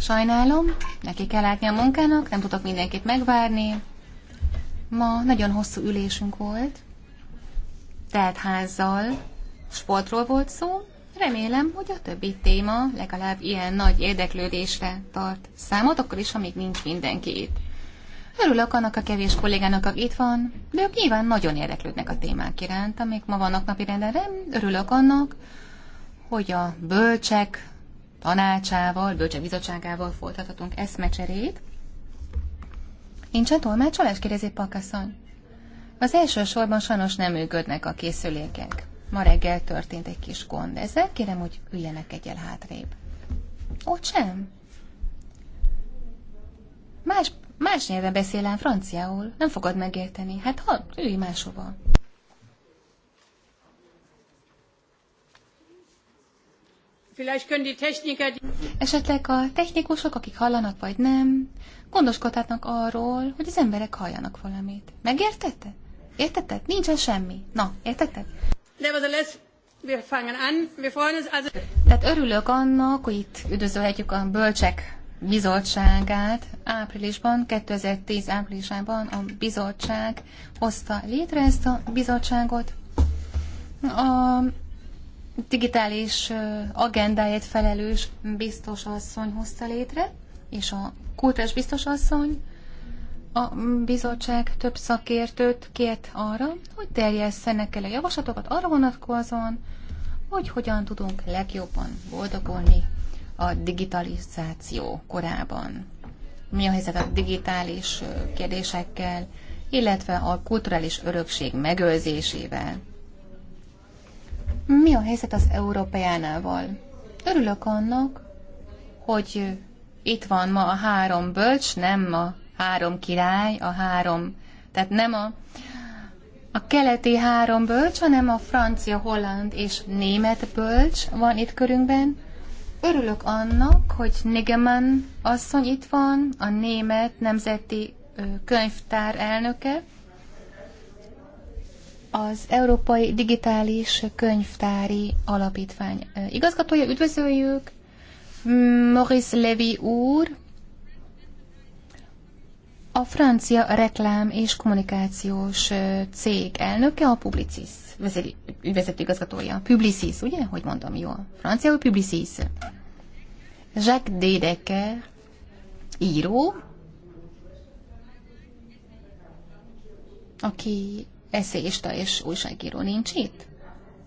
Sajnálom, neki kell látni a munkának, nem tudok mindenkit megvárni. Ma nagyon hosszú ülésünk volt, telt házzal, sportról volt szó. Remélem, hogy a többi téma legalább ilyen nagy érdeklődésre tart számot, akkor is, ha még nincs mindenki itt. Örülök annak a kevés kollégának, aki itt van, de ők nyilván nagyon érdeklődnek a témák iránt, amik ma vannak napi rendben. Örülök annak, hogy a bölcsek tanácsával, bölcse bizottságával folytathatunk eszmecserét. Nincsen tolmácsolás? kérdezi Pakaszony. Az első sorban sajnos nem működnek a készülékek. Ma reggel történt egy kis gond, ezzel kérem, hogy üljenek egyel hátrébb. Ott sem. Más, más nyelven beszélem franciául, nem fogod megérteni. Hát ha, ülj máshova. Esetleg a technikusok, akik hallanak vagy nem, gondoskodhatnak arról, hogy az emberek halljanak valamit. Megértette? Értetted? Nincsen semmi. Na, értetted? Nevertheless, wir fangen an. Wir freuen uns also... Tehát örülök annak, hogy itt üdvözölhetjük a bölcsek bizottságát. Áprilisban, 2010 áprilisában a bizottság hozta létre ezt a bizottságot. A digitális agendáért felelős biztos asszony hozta létre, és a kultúrás biztos asszony a bizottság több szakértőt kért arra, hogy terjesszenek el a javaslatokat arra vonatkozóan, hogy hogyan tudunk legjobban boldogulni a digitalizáció korában. Mi a helyzet a digitális kérdésekkel, illetve a kulturális örökség megőrzésével. Mi a helyzet az Európeánával? Örülök annak, hogy itt van ma a három bölcs, nem a három király, a három, tehát nem a, a keleti három bölcs, hanem a francia, holland és német bölcs van itt körünkben. Örülök annak, hogy Nigeman asszony itt van, a német nemzeti könyvtár elnöke, az Európai Digitális Könyvtári Alapítvány igazgatója. Üdvözöljük! Maurice Levy úr, a francia reklám és kommunikációs cég elnöke, a Publicis vezető igazgatója. Publicis, ugye? Hogy mondom jól. Franciául Publicis. Jacques Dedecker író, aki eszéista és újságíró nincs itt?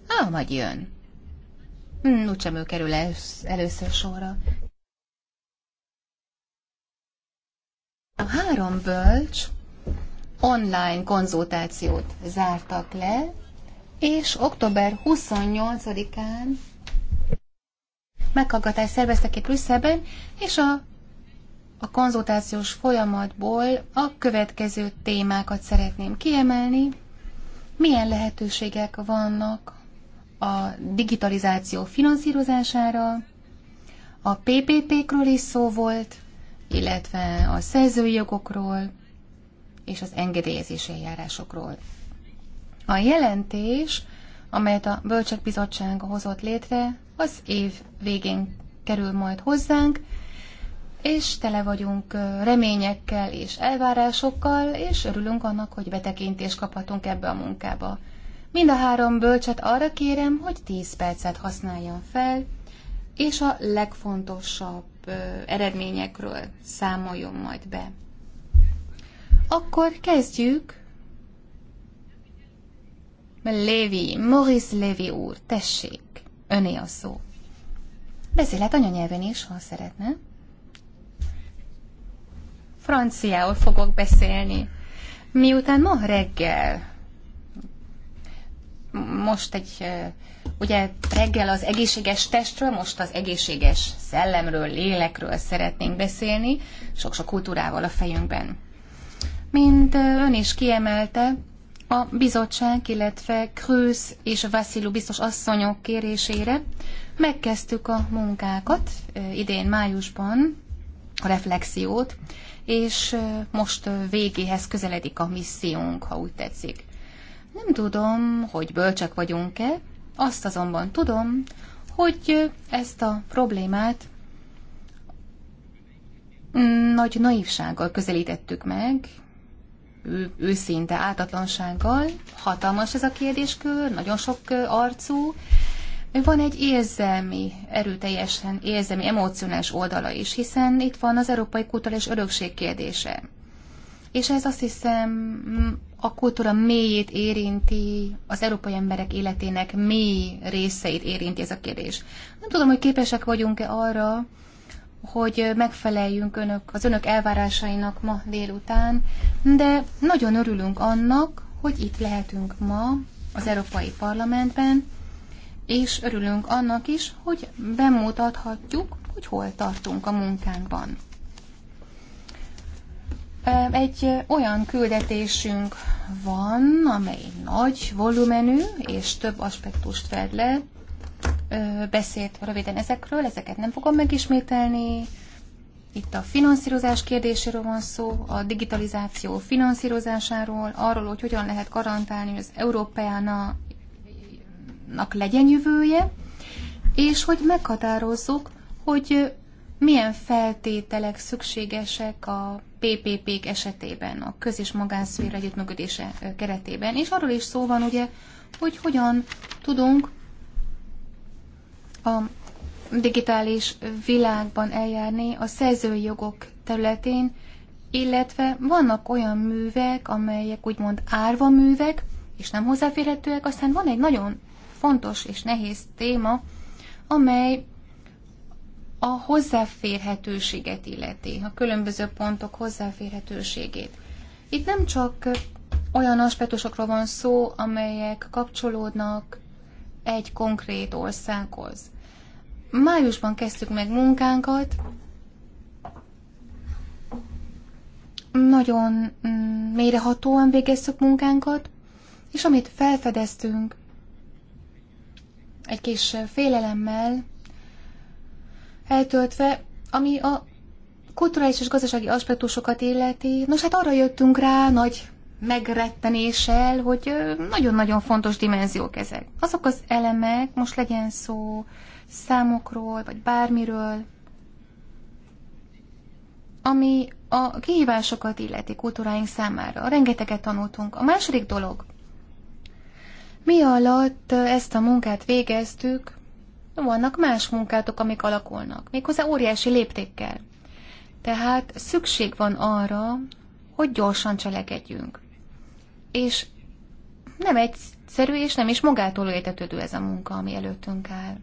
Á, ah, majd jön. Hm, úgysem ő kerül először sorra. A három bölcs online konzultációt zártak le, és október 28-án meghallgatást szerveztek itt Brüsszelben, és a, a konzultációs folyamatból a következő témákat szeretném kiemelni milyen lehetőségek vannak a digitalizáció finanszírozására, a PPP-kről is szó volt, illetve a szerzői jogokról és az engedélyezési eljárásokról. A jelentés, amelyet a Bölcsek Bizottsága hozott létre, az év végén kerül majd hozzánk, és tele vagyunk reményekkel és elvárásokkal, és örülünk annak, hogy betekintést kaphatunk ebbe a munkába. Mind a három bölcset arra kérem, hogy 10 percet használjon fel, és a legfontosabb eredményekről számoljon majd be. Akkor kezdjük. Lévi, Maurice Lévi úr, tessék, öné a szó. Beszélhet anyanyelven is, ha szeretne franciául fogok beszélni. Miután ma reggel, most egy, ugye reggel az egészséges testről, most az egészséges szellemről, lélekről szeretnénk beszélni, sok-sok kultúrával a fejünkben. Mint ön is kiemelte, a bizottság, illetve Krősz és Vasszilu biztos asszonyok kérésére megkezdtük a munkákat idén májusban, reflexiót, és most végéhez közeledik a missziónk, ha úgy tetszik. Nem tudom, hogy bölcsek vagyunk-e, azt azonban tudom, hogy ezt a problémát nagy naivsággal közelítettük meg, ő, őszinte ártatlansággal. Hatalmas ez a kérdéskör, nagyon sok arcú, van egy érzelmi, erőteljesen érzelmi, emocionális oldala is, hiszen itt van az európai kultúra és örökség kérdése. És ez azt hiszem a kultúra mélyét érinti, az európai emberek életének mély részeit érinti ez a kérdés. Nem tudom, hogy képesek vagyunk-e arra, hogy megfeleljünk önök, az önök elvárásainak ma délután, de nagyon örülünk annak, hogy itt lehetünk ma az Európai Parlamentben, és örülünk annak is, hogy bemutathatjuk, hogy hol tartunk a munkánkban. Egy olyan küldetésünk van, amely nagy volumenű és több aspektust fed le. Beszélt röviden ezekről, ezeket nem fogom megismételni. Itt a finanszírozás kérdéséről van szó, a digitalizáció finanszírozásáról, arról, hogy hogyan lehet garantálni, hogy az Európeána nak legyen jövője, és hogy meghatározzuk, hogy milyen feltételek szükségesek a PPP-k esetében, a köz- és magánszféra együttműködése keretében. És arról is szó van ugye, hogy hogyan tudunk a digitális világban eljárni a szerzői jogok területén, illetve vannak olyan művek, amelyek úgymond árva művek, és nem hozzáférhetőek, aztán van egy nagyon fontos és nehéz téma, amely a hozzáférhetőséget illeti, a különböző pontok hozzáférhetőségét. Itt nem csak olyan aspektusokról van szó, amelyek kapcsolódnak egy konkrét országhoz. Májusban kezdtük meg munkánkat, nagyon mm, mélyrehatóan végeztük munkánkat, és amit felfedeztünk, egy kis félelemmel eltöltve, ami a kulturális és gazdasági aspektusokat illeti. Nos, hát arra jöttünk rá nagy megrettenéssel, hogy nagyon-nagyon fontos dimenziók ezek. Azok az elemek, most legyen szó számokról, vagy bármiről, ami a kihívásokat illeti kultúráink számára. Rengeteget tanultunk. A második dolog, mi alatt ezt a munkát végeztük, vannak más munkátok, amik alakulnak, méghozzá óriási léptékkel. Tehát szükség van arra, hogy gyorsan cselekedjünk. És nem egyszerű, és nem is magától értetődő ez a munka, ami előttünk áll.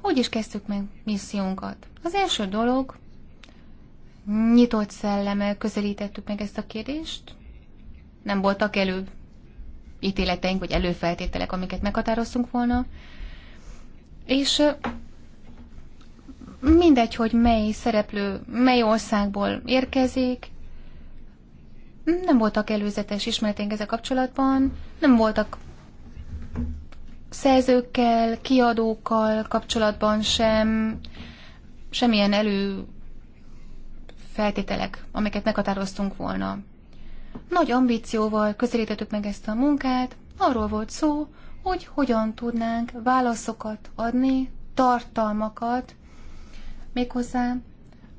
Hogy is kezdtük meg missziónkat? Az első dolog, nyitott szellemmel közelítettük meg ezt a kérdést. Nem voltak előbb ítéleteink, vagy előfeltételek, amiket meghatároztunk volna. És mindegy, hogy mely szereplő, mely országból érkezik, nem voltak előzetes ismereténk ezzel kapcsolatban, nem voltak szerzőkkel, kiadókkal kapcsolatban sem, semmilyen elő feltételek, amiket meghatároztunk volna. Nagy ambícióval közelítettük meg ezt a munkát, arról volt szó, hogy hogyan tudnánk válaszokat adni, tartalmakat, méghozzá,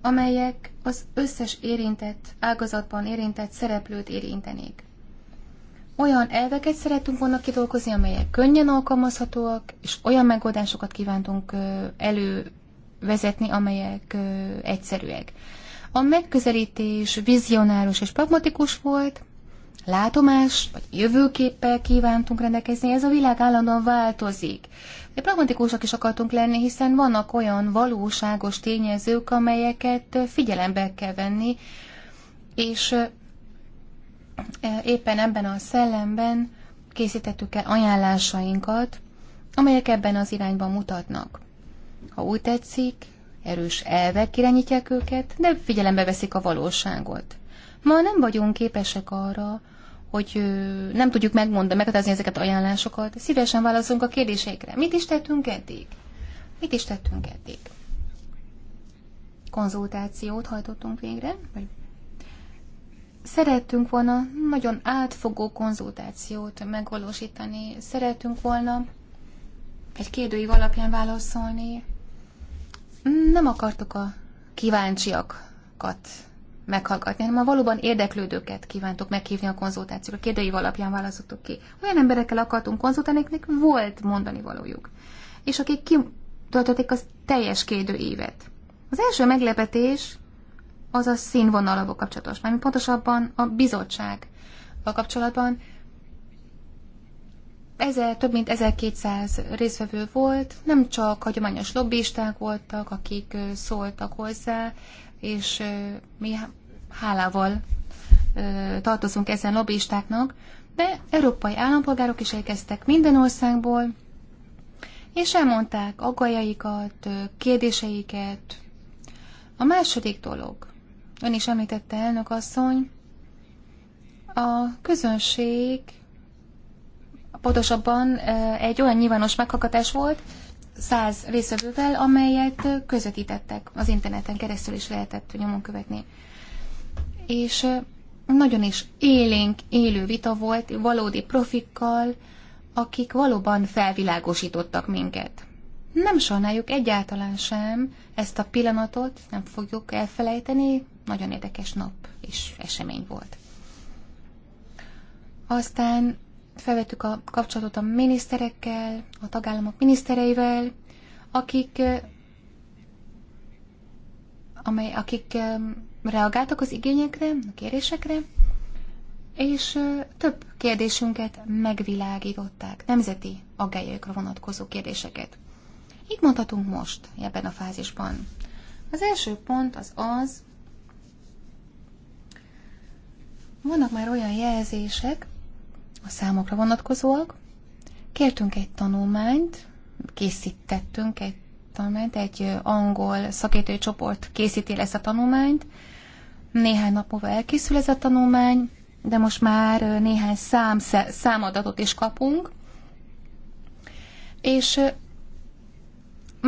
amelyek az összes érintett ágazatban érintett szereplőt érintenék. Olyan elveket szerettünk volna kidolgozni, amelyek könnyen alkalmazhatóak, és olyan megoldásokat kívántunk elővezetni, amelyek egyszerűek. A megközelítés vizionáros és pragmatikus volt, látomás vagy jövőképpel kívántunk rendelkezni, ez a világ állandóan változik. De pragmatikusak is akartunk lenni, hiszen vannak olyan valóságos tényezők, amelyeket figyelembe kell venni, és e, éppen ebben a szellemben készítettük el ajánlásainkat, amelyek ebben az irányban mutatnak. Ha úgy tetszik, erős elvek irányítják őket, de figyelembe veszik a valóságot. Ma nem vagyunk képesek arra, hogy nem tudjuk megmondani, meghatározni ezeket ajánlásokat. Szívesen válaszolunk a kérdéseikre. Mit is tettünk eddig? Mit is tettünk eddig? Konzultációt hajtottunk végre, vagy szerettünk volna nagyon átfogó konzultációt megvalósítani, szerettünk volna egy kérdőív alapján válaszolni nem akartuk a kíváncsiakat meghallgatni, hanem a valóban érdeklődőket kívántuk meghívni a konzultációra. Kérdőív alapján választottuk ki. Olyan emberekkel akartunk konzultálni, akiknek volt mondani valójuk, és akik kitöltötték az teljes kérdő évet. Az első meglepetés az a színvonalakba kapcsolatos, mármint pontosabban a bizottság kapcsolatban ezer, több mint 1200 részvevő volt, nem csak hagyományos lobbisták voltak, akik szóltak hozzá, és mi hálával tartozunk ezen lobbistáknak, de európai állampolgárok is elkezdtek minden országból, és elmondták aggajaikat, kérdéseiket. A második dolog, ön is említette elnök asszony, a közönség Pontosabban egy olyan nyilvános meghallgatás volt, száz részvevővel, amelyet közvetítettek, az interneten keresztül is lehetett nyomon követni. És nagyon is élénk, élő vita volt, valódi profikkal, akik valóban felvilágosítottak minket. Nem sajnáljuk egyáltalán sem ezt a pillanatot, nem fogjuk elfelejteni, nagyon érdekes nap és esemény volt. Aztán felvettük a kapcsolatot a miniszterekkel, a tagállamok minisztereivel, akik, amely, akik reagáltak az igényekre, a kérésekre, és több kérdésünket megvilágították, nemzeti aggályokra vonatkozó kérdéseket. Így mondhatunk most ebben a fázisban? Az első pont az az, vannak már olyan jelzések, a számokra vonatkozóak. Kértünk egy tanulmányt, készítettünk egy tanulmányt, egy angol szakértői csoport készíti ezt a tanulmányt. Néhány nap múlva elkészül ez a tanulmány, de most már néhány szám, számadatot is kapunk. És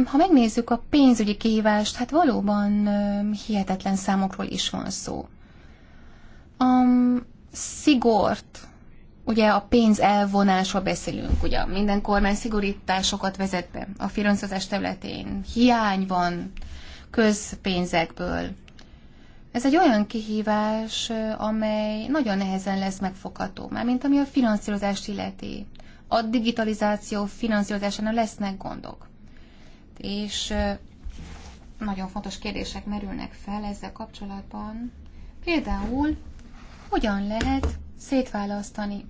ha megnézzük a pénzügyi kihívást, hát valóban hihetetlen számokról is van szó. A szigort Ugye a pénz elvonásról beszélünk, ugye minden kormány szigorításokat vezet be a finanszírozás területén. Hiány van közpénzekből. Ez egy olyan kihívás, amely nagyon nehezen lesz megfogható, már mint ami a finanszírozást illeti. A digitalizáció finanszírozásánál lesznek gondok. És nagyon fontos kérdések merülnek fel ezzel kapcsolatban. Például, hogyan lehet szétválasztani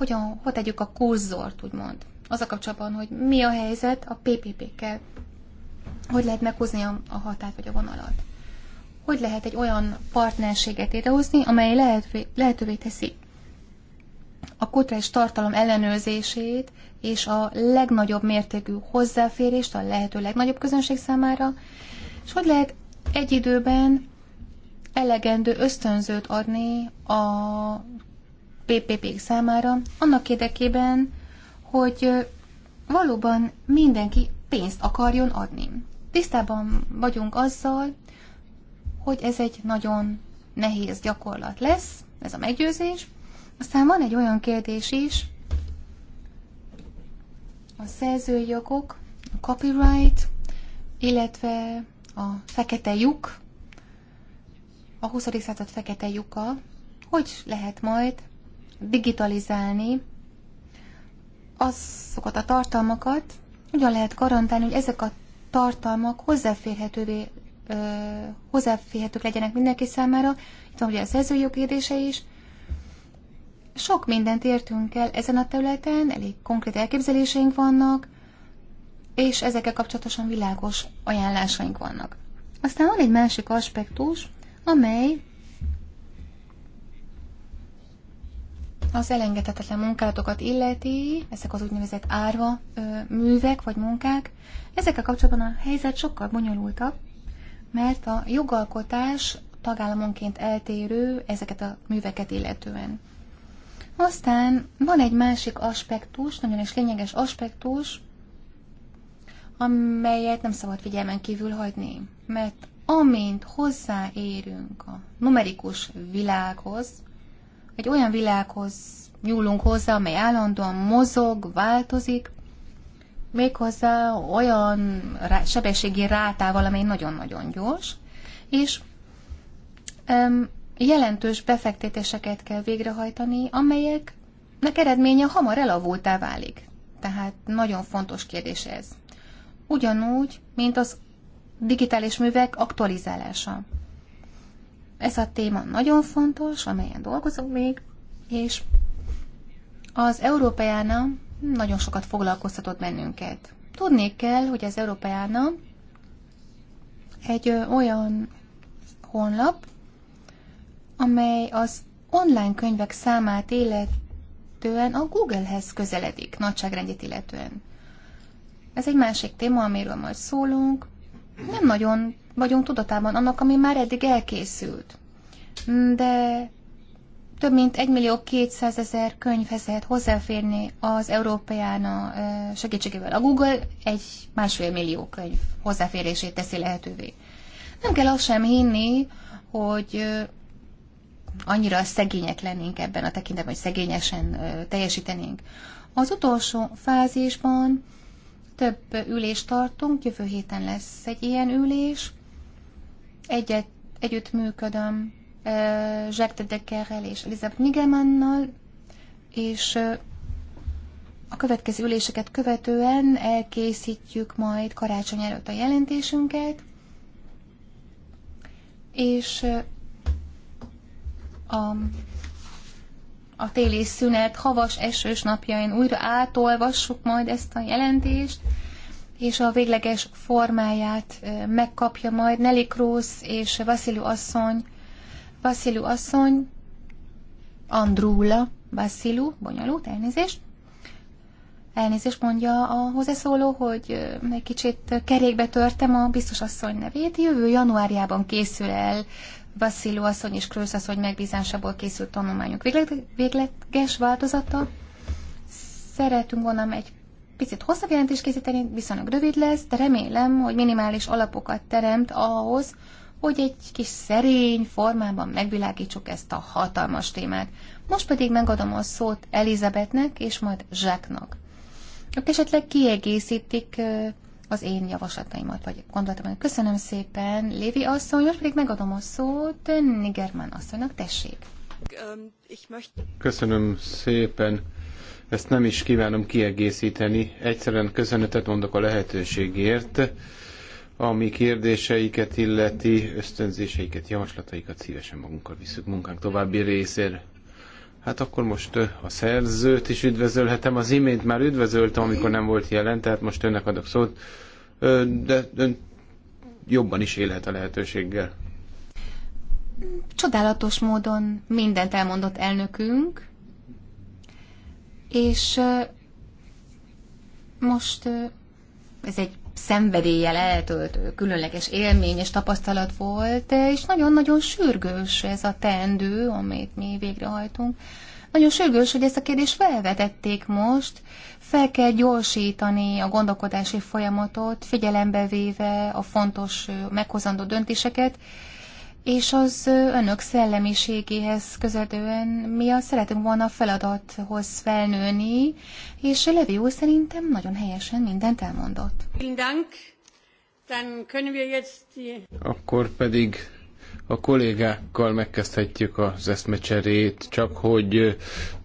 hogyan, hogy tegyük a kurzort, úgymond. Az a kapcsolatban, hogy mi a helyzet a PPP-kkel, hogy lehet meghozni a határt vagy a vonalat. Hogy lehet egy olyan partnerséget idehozni, amely lehetővé, lehetővé teszi a kutrás tartalom ellenőrzését és a legnagyobb mértékű hozzáférést a lehető legnagyobb közönség számára, és hogy lehet egy időben elegendő ösztönzőt adni a ppp számára, annak érdekében, hogy valóban mindenki pénzt akarjon adni. Tisztában vagyunk azzal, hogy ez egy nagyon nehéz gyakorlat lesz, ez a meggyőzés. Aztán van egy olyan kérdés is, a szerzői jogok, a copyright, illetve a fekete lyuk, a 20. század fekete lyuka, hogy lehet majd digitalizálni azokat a tartalmakat, ugyan lehet garantálni, hogy ezek a tartalmak hozzáférhetővé, hozzáférhetők legyenek mindenki számára. Itt van ugye a szerzői kérdése is. Sok mindent értünk el ezen a területen, elég konkrét elképzeléseink vannak, és ezekkel kapcsolatosan világos ajánlásaink vannak. Aztán van egy másik aspektus, amely az elengedhetetlen munkálatokat illeti, ezek az úgynevezett árva ö, művek vagy munkák, ezekkel kapcsolatban a helyzet sokkal bonyolultabb, mert a jogalkotás tagállamonként eltérő ezeket a műveket illetően. Aztán van egy másik aspektus, nagyon is lényeges aspektus, amelyet nem szabad figyelmen kívül hagyni, mert amint hozzáérünk a numerikus világhoz, egy olyan világhoz nyúlunk hozzá, amely állandóan mozog, változik, méghozzá olyan rá, sebességi rátával, amely nagyon-nagyon gyors, és um, jelentős befektetéseket kell végrehajtani, amelyeknek eredménye hamar elavultá válik. Tehát nagyon fontos kérdés ez. Ugyanúgy, mint az digitális művek aktualizálása. Ez a téma nagyon fontos, amelyen dolgozunk még, és az Európeána nagyon sokat foglalkoztatott bennünket. Tudni kell, hogy az Európeána egy olyan honlap, amely az online könyvek számát illetően a Googlehez közeledik, nagyságrendjét illetően. Ez egy másik téma, amiről majd szólunk nem nagyon vagyunk tudatában annak, ami már eddig elkészült. De több mint 1 millió 200 ezer könyvhez lehet hozzáférni az Európeána segítségével. A Google egy másfél millió könyv hozzáférését teszi lehetővé. Nem kell azt sem hinni, hogy annyira szegények lennénk ebben a tekintetben, hogy szegényesen teljesítenénk. Az utolsó fázisban több ülést tartunk, jövő héten lesz egy ilyen ülés. Egyet, együttműködöm uh, Jacques de Deckerrel és Elizabeth Nigemannal, és uh, a következő üléseket követően elkészítjük majd karácsony előtt a jelentésünket, és uh, a a téli szünet havas, esős napjain újra átolvassuk majd ezt a jelentést, és a végleges formáját megkapja majd Nelly Cruz és Vasilu asszony. Vasilu asszony, Andrúla, Vasilu, bonyolult, elnézést. Elnézést mondja a hozzászóló, hogy egy kicsit kerékbe törtem a biztos asszony nevét. Jövő januárjában készül el Vassziló asszony és Krősz asszony megbízásából készült tanulmányok végleges változata. Szeretünk volna egy picit hosszabb jelentést készíteni, viszonylag rövid lesz, de remélem, hogy minimális alapokat teremt ahhoz, hogy egy kis szerény formában megvilágítsuk ezt a hatalmas témát. Most pedig megadom a szót Elizabetnek és majd Zsáknak. Ők esetleg kiegészítik az én javaslataimat, vagy gondolatomat. Köszönöm szépen, Lévi asszony, most pedig megadom a szót Nigerman asszonynak, tessék. Um, Köszönöm szépen. Ezt nem is kívánom kiegészíteni. Egyszerűen köszönetet mondok a lehetőségért, ami kérdéseiket illeti, ösztönzéseiket, javaslataikat szívesen magunkkal visszük munkánk további részére. Hát akkor most a szerzőt is üdvözölhetem. Az imént már üdvözöltem, amikor nem volt jelen, tehát most önnek adok szót, de ön jobban is élhet a lehetőséggel. Csodálatos módon mindent elmondott elnökünk, és most ez egy szenvedéllyel eltölt különleges élmény és tapasztalat volt, és nagyon-nagyon sürgős ez a teendő, amit mi végrehajtunk. Nagyon sürgős, hogy ezt a kérdést felvetették most. Fel kell gyorsítani a gondolkodási folyamatot, figyelembe véve a fontos meghozandó döntéseket, és az önök szellemiségéhez közelően mi a szeretünk volna a feladathoz felnőni, és Levi úr szerintem nagyon helyesen mindent elmondott. Akkor pedig a kollégákkal megkezdhetjük az eszmecserét, csak hogy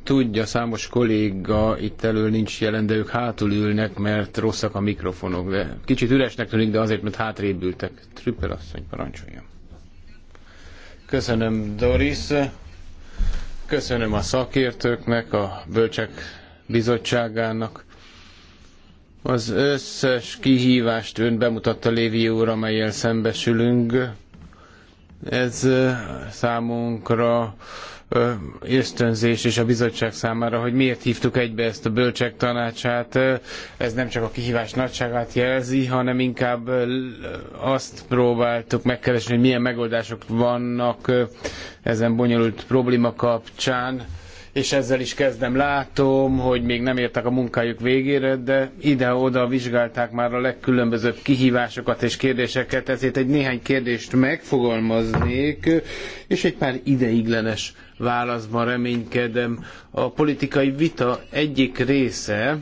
tudja, számos kolléga itt elől nincs jelen, de ők hátul ülnek, mert rosszak a mikrofonok. De kicsit üresnek tűnik, de azért, mert hátrébb ültek. Trüppel asszony, parancsoljon. Köszönöm Doris, köszönöm a szakértőknek, a Bölcsek Bizottságának. Az összes kihívást ön bemutatta Lévi úr, amelyel szembesülünk. Ez számunkra ösztönzés és a bizottság számára, hogy miért hívtuk egybe ezt a bölcsek tanácsát. Ez nem csak a kihívás nagyságát jelzi, hanem inkább azt próbáltuk megkeresni, hogy milyen megoldások vannak ezen bonyolult probléma kapcsán és ezzel is kezdem. Látom, hogy még nem értek a munkájuk végére, de ide-oda vizsgálták már a legkülönbözőbb kihívásokat és kérdéseket, ezért egy néhány kérdést megfogalmaznék, és egy pár ideiglenes válaszban reménykedem. A politikai vita egyik része,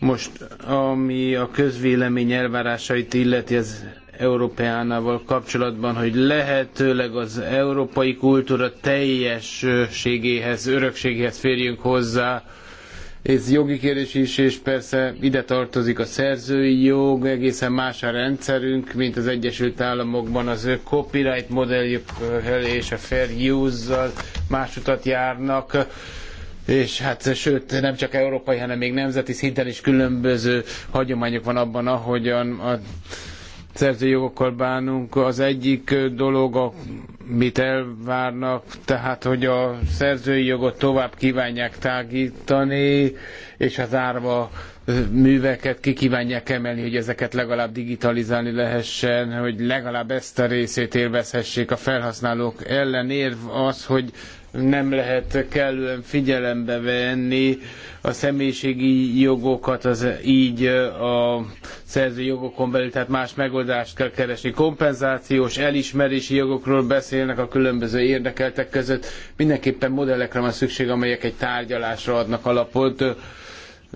most, ami a közvélemény elvárásait illeti, ez Európeánával kapcsolatban, hogy lehetőleg az európai kultúra teljességéhez, örökségéhez férjünk hozzá. Ez jogi kérdés is, és persze ide tartozik a szerzői jog, egészen más a rendszerünk, mint az Egyesült Államokban az ő copyright modelljük és a fair use-zal más utat járnak és hát sőt nem csak európai, hanem még nemzeti szinten is különböző hagyományok van abban, ahogyan a szerzői jogokkal bánunk. Az egyik dolog, amit elvárnak, tehát hogy a szerzői jogot tovább kívánják tágítani, és az árva műveket ki kívánják emelni, hogy ezeket legalább digitalizálni lehessen, hogy legalább ezt a részét élvezhessék a felhasználók Ellenérv az, hogy nem lehet kellően figyelembe venni a személyiségi jogokat, az így a szerző jogokon belül, tehát más megoldást kell keresni. Kompenzációs, elismerési jogokról beszélnek a különböző érdekeltek között. Mindenképpen modellekre van szükség, amelyek egy tárgyalásra adnak alapot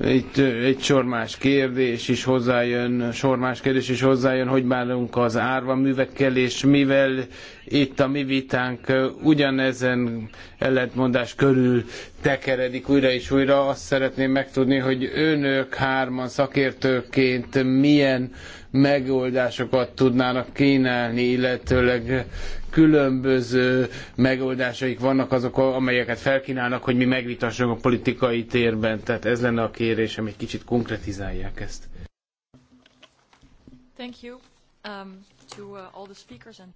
itt egy sor más kérdés is hozzájön, sor más kérdés is hozzájön, hogy bánunk az árva művekkel, és mivel itt a mi vitánk ugyanezen ellentmondás körül tekeredik újra és újra, azt szeretném megtudni, hogy önök hárman szakértőként milyen megoldásokat tudnának kínálni, illetőleg különböző megoldásaik vannak azok, amelyeket felkínálnak, hogy mi megvitassunk a politikai térben. Tehát ez lenne a kérésem, egy kicsit konkretizálják ezt. Thank you. Um, to, uh, all the speakers and...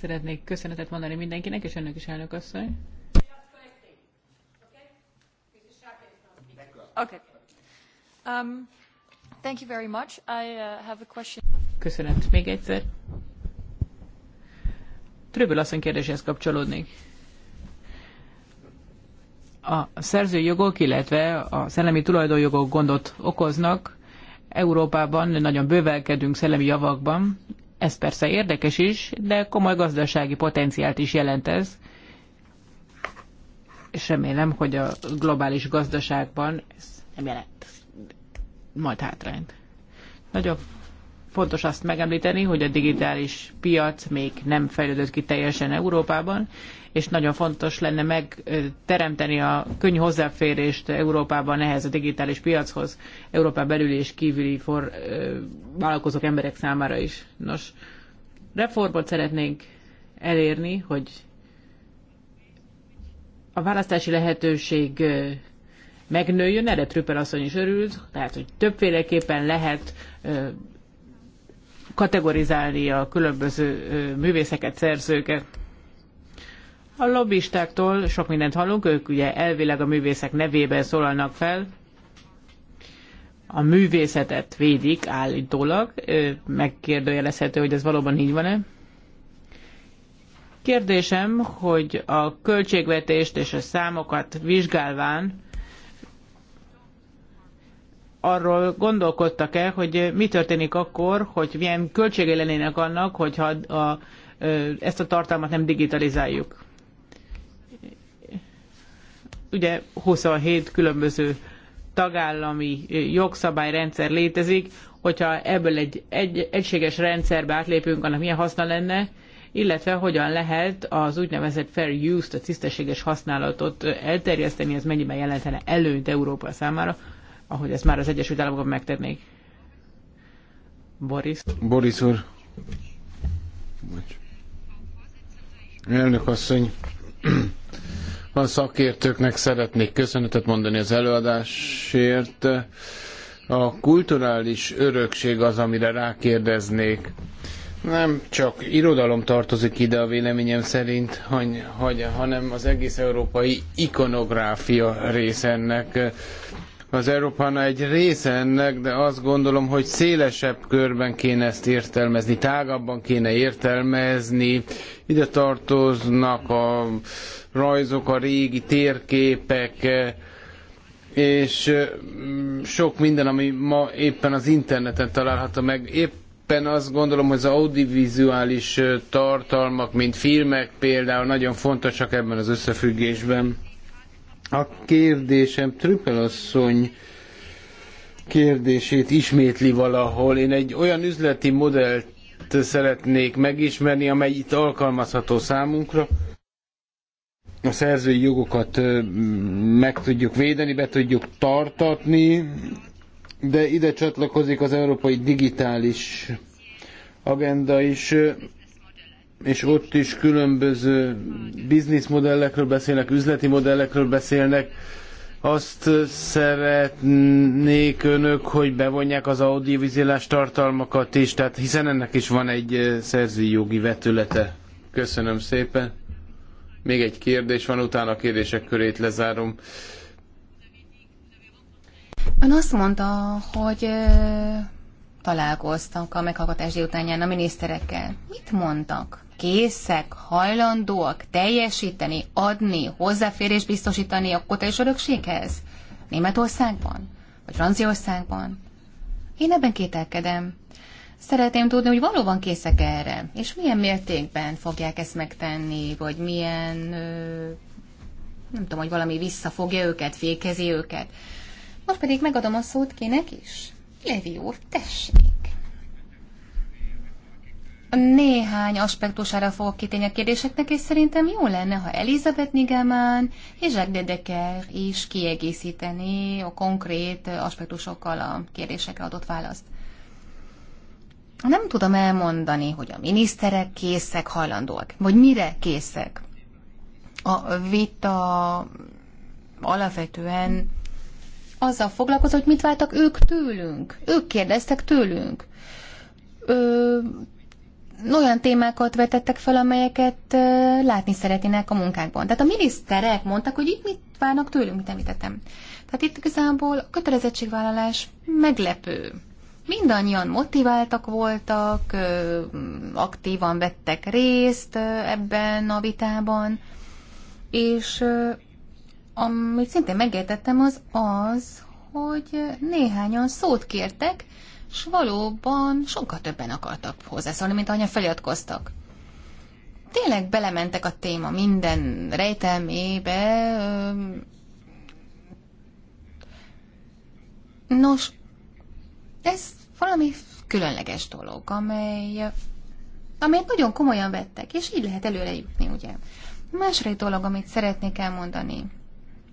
Szeretnék köszönetet mondani mindenkinek, és önök is elnök asszony. Okay. Um, thank you very much. I uh, have a question. Köszönet még egyszer. Tröbül asszony kérdéshez kapcsolódnék. A szerzői jogok illetve a szellemi tulajdonjogok gondot okoznak. Európában nagyon bővelkedünk szellemi javakban. Ez persze érdekes is, de komoly gazdasági potenciált is jelent ez és remélem, hogy a globális gazdaságban ez nem jelent majd hátrányt. Nagyon fontos azt megemlíteni, hogy a digitális piac még nem fejlődött ki teljesen Európában, és nagyon fontos lenne megteremteni a könnyű hozzáférést Európában ehhez a digitális piachoz, Európa belül és kívüli for, vállalkozók emberek számára is. Nos, reformot szeretnénk elérni, hogy a választási lehetőség megnőjön, erre Trüppel asszony is örült, tehát hogy többféleképpen lehet kategorizálni a különböző művészeket, szerzőket. A lobbistáktól sok mindent hallunk, ők ugye elvileg a művészek nevében szólalnak fel, a művészetet védik állítólag, megkérdőjelezhető, hogy ez valóban így van-e. Kérdésem, hogy a költségvetést és a számokat vizsgálván arról gondolkodtak el, hogy mi történik akkor, hogy milyen költségei lennének annak, hogyha a, ezt a tartalmat nem digitalizáljuk. Ugye 27 különböző tagállami jogszabályrendszer létezik, hogyha ebből egy, egy egységes rendszerbe átlépünk, annak milyen haszna lenne, illetve hogyan lehet az úgynevezett fair use a tisztességes használatot elterjeszteni, ez mennyiben jelentene előnyt Európa számára ahogy ezt már az Egyesült Államokban megtennék. Boris. Boris úr. Elnök asszony, a szakértőknek szeretnék köszönetet mondani az előadásért. A kulturális örökség az, amire rákérdeznék. Nem csak irodalom tartozik ide a véleményem szerint, hanem az egész európai ikonográfia rész ennek az Európána egy része ennek, de azt gondolom, hogy szélesebb körben kéne ezt értelmezni, tágabban kéne értelmezni. Ide tartoznak a rajzok, a régi térképek, és sok minden, ami ma éppen az interneten található meg, épp éppen azt gondolom, hogy az audiovizuális tartalmak, mint filmek például nagyon fontosak ebben az összefüggésben. A kérdésem Trüppel asszony kérdését ismétli valahol. Én egy olyan üzleti modellt szeretnék megismerni, amely itt alkalmazható számunkra. A szerzői jogokat meg tudjuk védeni, be tudjuk tartatni, de ide csatlakozik az európai digitális agenda is és ott is különböző bizniszmodellekről beszélnek, üzleti modellekről beszélnek. Azt szeretnék önök, hogy bevonják az audiovizuális tartalmakat is, tehát hiszen ennek is van egy eh, szerzői jogi vetülete. Köszönöm szépen. Még egy kérdés van, utána a kérdések körét lezárom. Ön azt mondta, hogy eh, találkoztak a meghallgatás délutánján a miniszterekkel. Mit mondtak? készek, hajlandóak teljesíteni, adni, hozzáférés biztosítani a kotelés örökséghez? Németországban? Vagy Franciaországban? Én ebben kételkedem. Szeretném tudni, hogy valóban készek erre, és milyen mértékben fogják ezt megtenni, vagy milyen, nem tudom, hogy valami visszafogja őket, fékezi őket. Most pedig megadom a szót kinek is. Levi úr, tessék! néhány aspektusára fogok kitérni a kérdéseknek, és szerintem jó lenne, ha Elizabeth Nigeman és Jacques Dedeker is kiegészíteni a konkrét aspektusokkal a kérdésekre adott választ. Nem tudom elmondani, hogy a miniszterek készek, hajlandóak, vagy mire készek. A vita alapvetően azzal foglalkozott, hogy mit váltak ők tőlünk. Ők kérdeztek tőlünk. Ö, olyan témákat vetettek fel, amelyeket látni szeretnének a munkákban. Tehát a miniszterek mondtak, hogy itt mit várnak tőlünk, mit említettem. Tehát itt igazából a kötelezettségvállalás meglepő. Mindannyian motiváltak voltak, aktívan vettek részt ebben a vitában, és amit szintén megértettem az az, hogy néhányan szót kértek, és valóban sokkal többen akartak hozzászólni, mint anya feliratkoztak. Tényleg belementek a téma minden rejtelmébe. Nos, ez valami különleges dolog, amely, amelyet nagyon komolyan vettek, és így lehet előre jutni, ugye? Másrét dolog, amit szeretnék elmondani.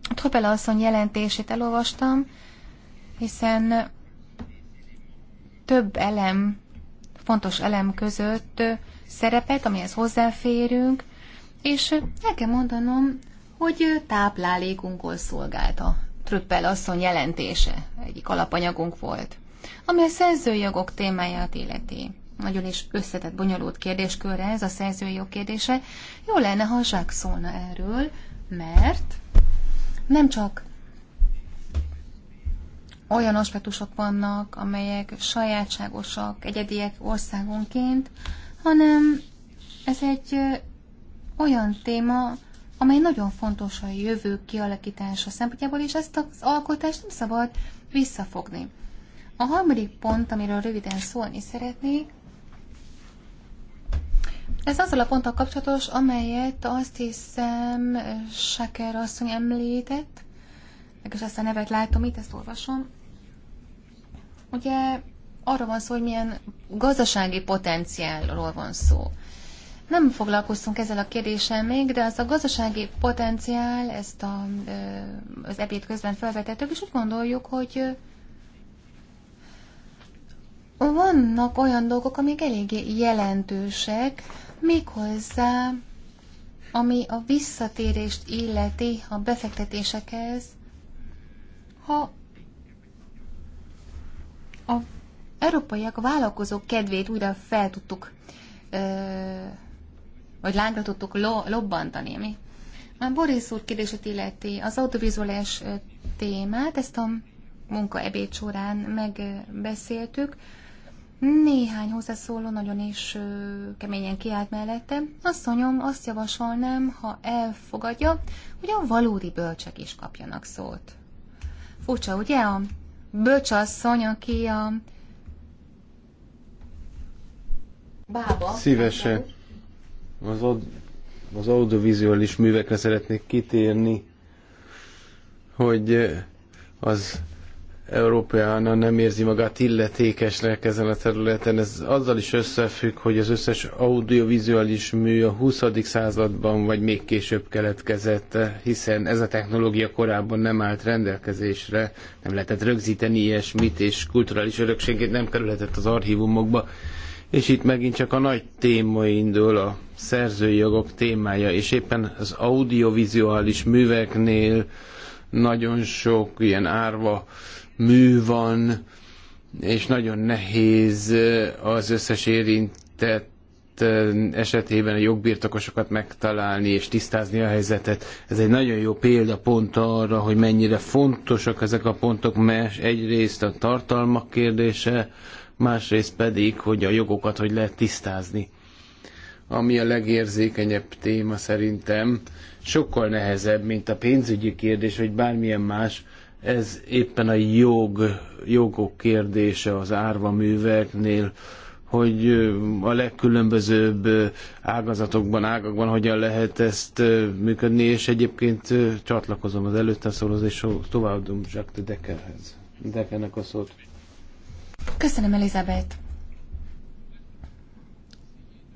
A Tropela asszony jelentését elolvastam, hiszen több elem, fontos elem között szerepet, amihez hozzáférünk, és el kell mondanom, hogy táplálékunkhoz szolgált a Trüppel asszony jelentése, egyik alapanyagunk volt, ami a jogok témáját illeti. Nagyon is összetett, bonyolult kérdéskörre ez a jog kérdése. Jó lenne, ha Zsák szólna erről, mert nem csak olyan aspektusok vannak, amelyek sajátságosak, egyediek országonként, hanem ez egy olyan téma, amely nagyon fontos a jövő kialakítása szempontjából, és ezt az alkotást nem szabad visszafogni. A harmadik pont, amiről röviden szólni szeretnék, ez azzal a ponttal kapcsolatos, amelyet azt hiszem Saker asszony említett, és ezt a nevet látom itt, ezt olvasom. Ugye arra van szó, hogy milyen gazdasági potenciálról van szó. Nem foglalkoztunk ezzel a kérdéssel még, de az a gazdasági potenciál, ezt a, az ebéd közben felvetettük, és úgy gondoljuk, hogy vannak olyan dolgok, amik eléggé jelentősek, méghozzá, ami a visszatérést illeti a befektetésekhez, ha a európaiak, a vállalkozók kedvét újra fel tudtuk, ö, vagy lángra tudtuk lo, lobbantani. Mi? a Boris úr kérdését illeti az autovizuális témát, ezt a munka ebéd során megbeszéltük. Néhány hozzászóló nagyon is keményen kiállt mellette. Asszonyom, azt javasolnám, ha elfogadja, hogy a valódi bölcsek is kapjanak szót. Furcsa, ugye? A bölcsasszony, aki a bába. Szívesen. Az, od, az audiovizuális művekre szeretnék kitérni, hogy az Európeána nem érzi magát illetékesnek ezen a területen. Ez azzal is összefügg, hogy az összes audiovizuális mű a 20. században vagy még később keletkezett, hiszen ez a technológia korábban nem állt rendelkezésre, nem lehetett rögzíteni ilyesmit, és kulturális örökségét nem kerülhetett az archívumokba. És itt megint csak a nagy téma indul, a szerzői jogok témája, és éppen az audiovizuális műveknél nagyon sok ilyen árva mű van, és nagyon nehéz az összes érintett esetében a jogbirtokosokat megtalálni és tisztázni a helyzetet. Ez egy nagyon jó példa pont arra, hogy mennyire fontosak ezek a pontok, mert egyrészt a tartalmak kérdése, másrészt pedig, hogy a jogokat hogy lehet tisztázni. Ami a legérzékenyebb téma szerintem, sokkal nehezebb, mint a pénzügyi kérdés, vagy bármilyen más, ez éppen a jog, jogok kérdése az árva műveknél, hogy a legkülönbözőbb ágazatokban, ágakban hogyan lehet ezt működni, és egyébként csatlakozom az előtte szóhoz, és továbbadom Jacques de Deckerhez. Deckernek a szót. Köszönöm, Elizabeth.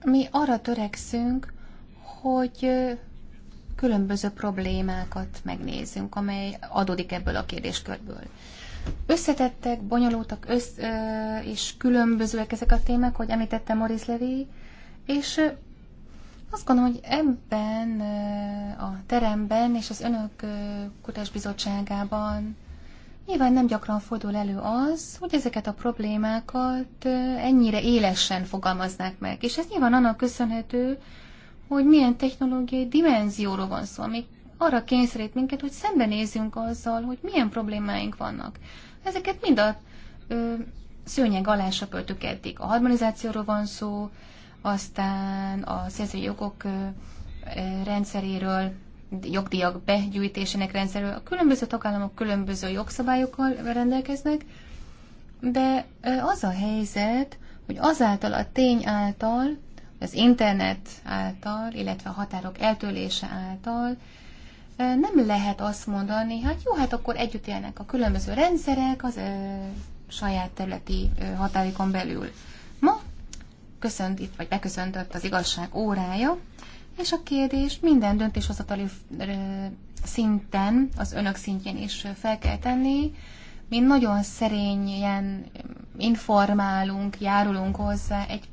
Mi arra törekszünk, hogy különböző problémákat megnézzünk, amely adódik ebből a kérdéskörből. Összetettek, bonyolultak össz, és különbözőek ezek a témák, hogy említette Maurice Levy, és azt gondolom, hogy ebben a teremben és az önök kutatásbizottságában nyilván nem gyakran fordul elő az, hogy ezeket a problémákat ennyire élesen fogalmaznák meg. És ez nyilván annak köszönhető, hogy milyen technológiai dimenzióról van szó, ami arra kényszerít minket, hogy szembenézzünk azzal, hogy milyen problémáink vannak. Ezeket mind a ö, szőnyeg alá söpöltük eddig. A harmonizációról van szó, aztán a szerzői jogok ö, rendszeréről, jogdíjak begyűjtésének rendszerről. A különböző tagállamok különböző jogszabályokkal rendelkeznek, de ö, az a helyzet, hogy azáltal a tény által, az internet által, illetve a határok eltörlése által nem lehet azt mondani, hát jó, hát akkor együtt élnek a különböző rendszerek az ö, saját területi ö, határikon belül. Ma köszönt itt, vagy beköszöntött az igazság órája, és a kérdés minden döntéshozatali szinten, az önök szintjén is fel kell tenni. Mi nagyon szerényen informálunk, járulunk hozzá egy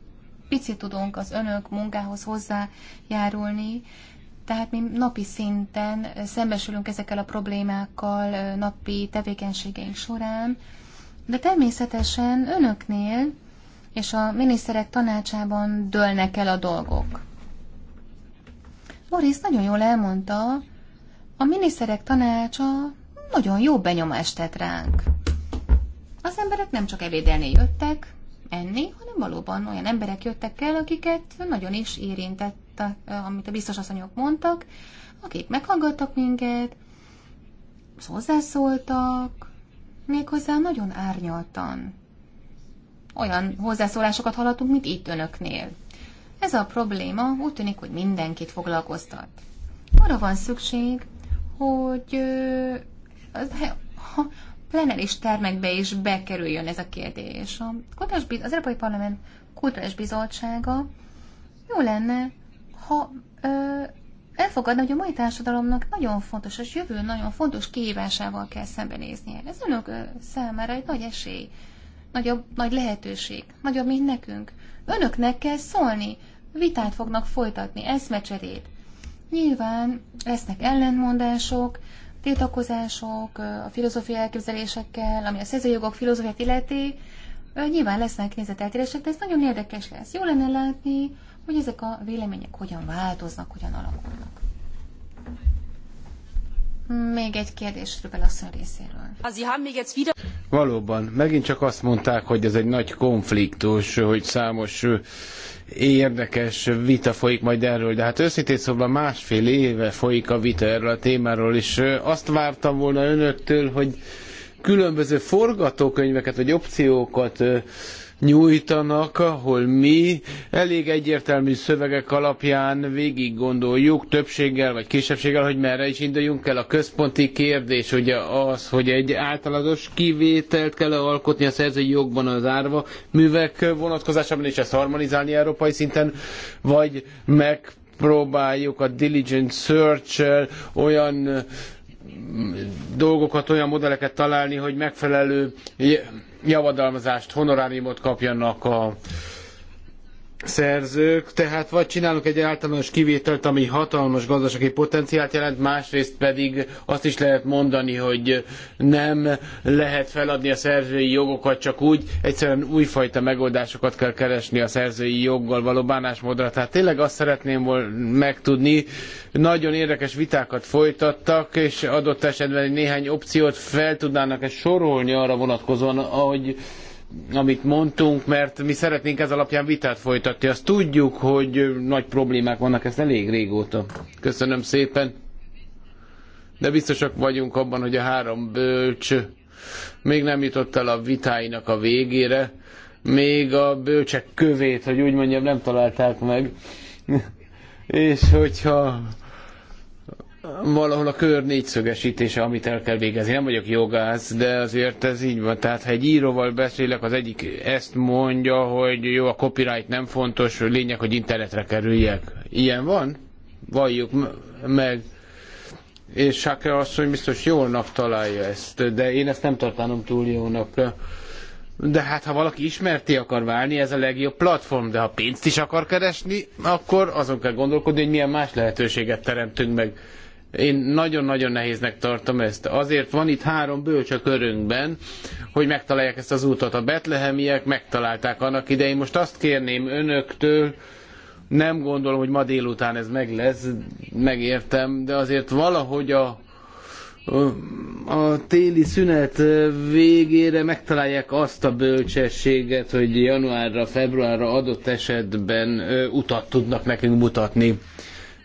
picit tudunk az önök munkához hozzájárulni, tehát mi napi szinten szembesülünk ezekkel a problémákkal napi tevékenységeink során, de természetesen önöknél és a miniszterek tanácsában dőlnek el a dolgok. Boris nagyon jól elmondta, a miniszterek tanácsa nagyon jó benyomást tett ránk. Az emberek nem csak evédelni jöttek, enni, hanem valóban olyan emberek jöttek el, akiket nagyon is érintett, amit a biztos asszonyok mondtak, akik meghallgattak minket, hozzászóltak, méghozzá nagyon árnyaltan. Olyan hozzászólásokat hallottunk, mint itt önöknél. Ez a probléma úgy tűnik, hogy mindenkit foglalkoztat. Arra van szükség, hogy ha plenáris termekbe is bekerüljön ez a kérdés. A Kultúrás, az Európai Parlament Kulturális Bizottsága jó lenne, ha ö, elfogadna, hogy a mai társadalomnak nagyon fontos, és jövő nagyon fontos kihívásával kell szembenéznie. Ez önök számára egy nagy esély, nagyobb, nagy lehetőség, nagyobb, mint nekünk. Önöknek kell szólni, vitát fognak folytatni, eszmecserét. Nyilván lesznek ellentmondások, tiltakozások, a filozófiai elképzelésekkel, ami a szerzőjogok filozófiát illeti, nyilván lesznek nézeteltérések, de ez nagyon érdekes lesz. Jó lenne látni, hogy ezek a vélemények hogyan változnak, hogyan alakulnak. Még egy kérdés Rübel asszony részéről. Valóban, megint csak azt mondták, hogy ez egy nagy konfliktus, hogy számos érdekes vita folyik majd erről, de hát őszintén szóval másfél éve folyik a vita erről a témáról, és azt vártam volna önöktől, hogy különböző forgatókönyveket vagy opciókat nyújtanak, ahol mi elég egyértelmű szövegek alapján végig gondoljuk többséggel vagy kisebbséggel, hogy merre is induljunk el. A központi kérdés ugye az, hogy egy általános kivételt kell alkotni a szerzői jogban az árva művek vonatkozásában, és ezt harmonizálni európai szinten, vagy meg próbáljuk a diligent search olyan dolgokat, olyan modelleket találni, hogy megfelelő javadalmazást, honoráriumot kapjanak a szerzők, tehát vagy csinálunk egy általános kivételt, ami hatalmas gazdasági potenciált jelent, másrészt pedig azt is lehet mondani, hogy nem lehet feladni a szerzői jogokat csak úgy, egyszerűen újfajta megoldásokat kell keresni a szerzői joggal való bánásmódra. Tehát tényleg azt szeretném volna megtudni, nagyon érdekes vitákat folytattak, és adott esetben néhány opciót fel tudnának -e sorolni arra vonatkozóan, ahogy amit mondtunk, mert mi szeretnénk ez alapján vitát folytatni. Azt tudjuk, hogy nagy problémák vannak, ezt elég régóta. Köszönöm szépen. De biztosak vagyunk abban, hogy a három bölcs még nem jutott el a vitáinak a végére. Még a bölcsek kövét, hogy úgy mondjam, nem találták meg. És hogyha valahol a kör négyszögesítése, amit el kell végezni. Nem vagyok jogász, de azért ez így van. Tehát ha egy íróval beszélek, az egyik ezt mondja, hogy jó, a copyright nem fontos, lényeg, hogy internetre kerüljek. Ilyen van? Valljuk meg. És Sáke hogy biztos jónak találja ezt, de én ezt nem tartanom túl jónak. De hát, ha valaki ismerté akar válni, ez a legjobb platform, de ha pénzt is akar keresni, akkor azon kell gondolkodni, hogy milyen más lehetőséget teremtünk meg én nagyon-nagyon nehéznek tartom ezt. Azért van itt három bölcs a körünkben, hogy megtalálják ezt az útot. A betlehemiek megtalálták annak idején. Most azt kérném önöktől, nem gondolom, hogy ma délután ez meg lesz, megértem, de azért valahogy a a téli szünet végére megtalálják azt a bölcsességet, hogy januárra, februárra adott esetben utat tudnak nekünk mutatni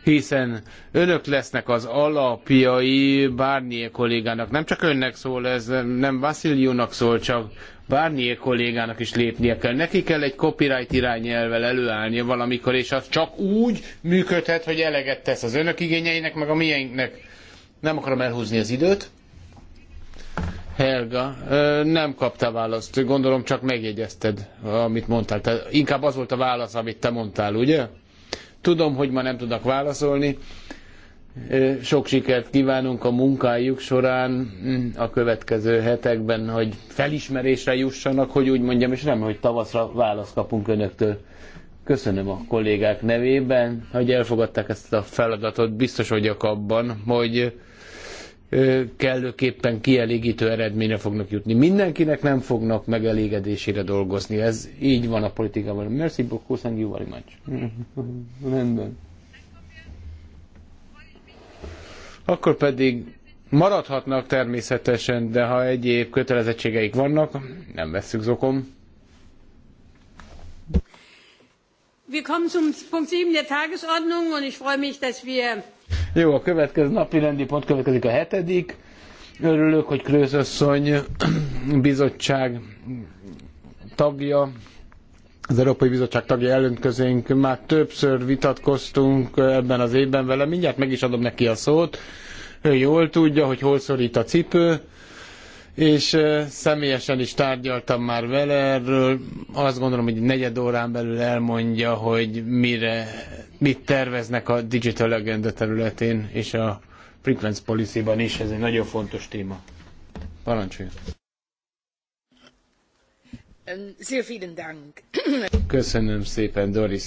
hiszen önök lesznek az alapjai Barnier kollégának. Nem csak önnek szól ez, nem Vasziliónak szól, csak Barnier kollégának is lépnie kell. Neki kell egy copyright irányelvel előállnia valamikor, és az csak úgy működhet, hogy eleget tesz az önök igényeinek, meg a miénknek. Nem akarom elhúzni az időt. Helga, nem kapta választ. Gondolom csak megjegyezted, amit mondtál. inkább az volt a válasz, amit te mondtál, ugye? Tudom, hogy ma nem tudnak válaszolni. Sok sikert kívánunk a munkájuk során mm, a következő hetekben, hogy felismerésre jussanak, hogy úgy mondjam, és nem, hogy tavaszra választ kapunk önöktől. Köszönöm a kollégák nevében, hogy elfogadták ezt a feladatot. Biztos vagyok abban, hogy kellőképpen kielégítő eredményre fognak jutni. Mindenkinek nem fognak megelégedésére dolgozni. Ez így van a politikában. Merci beaucoup, thank you very much. Rendben. Akkor pedig maradhatnak természetesen, de ha egyéb kötelezettségeik vannak, nem veszük zokom. Wir kommen zum Punkt 7 der Tagesordnung und ich freue mich, dass wir jó, a következő napi rendi pont következik a hetedik. Örülök, hogy Krőzösszony bizottság tagja, az Európai Bizottság tagja előnt közénk. Már többször vitatkoztunk ebben az évben vele, mindjárt meg is adom neki a szót. Ő jól tudja, hogy hol szorít a cipő, és személyesen is tárgyaltam már vele erről. Azt gondolom, hogy negyed órán belül elmondja, hogy mire, mit terveznek a Digital Agenda területén, és a Frequency Policy-ban is. Ez egy nagyon fontos téma. Parancsoljon! Ehm, Köszönöm szépen, Doris!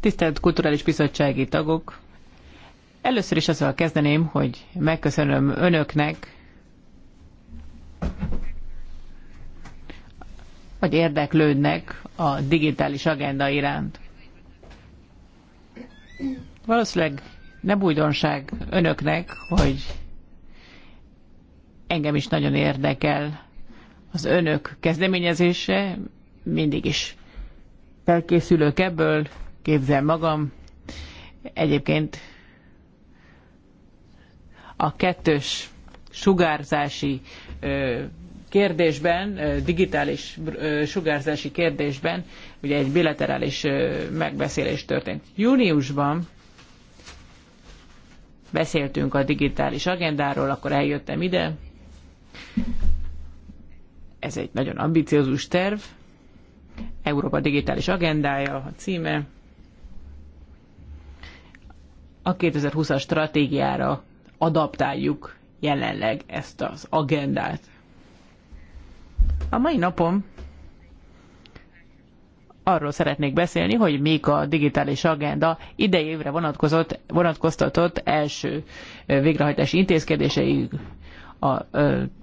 Tisztelt Kulturális Bizottsági tagok! Először is azzal kezdeném, hogy megköszönöm önöknek, hogy érdeklődnek a digitális agenda iránt. Valószínűleg nem újdonság önöknek, hogy engem is nagyon érdekel az önök kezdeményezése, mindig is felkészülök ebből, képzel magam. Egyébként a kettős sugárzási kérdésben, digitális sugárzási kérdésben, ugye egy bilaterális megbeszélés történt. Júniusban beszéltünk a digitális agendáról, akkor eljöttem ide. Ez egy nagyon ambiciózus terv. Európa digitális agendája a címe. A 2020-as stratégiára adaptáljuk jelenleg ezt az agendát. A mai napom arról szeretnék beszélni, hogy még a digitális agenda idei évre vonatkozott, vonatkoztatott első végrehajtási intézkedései a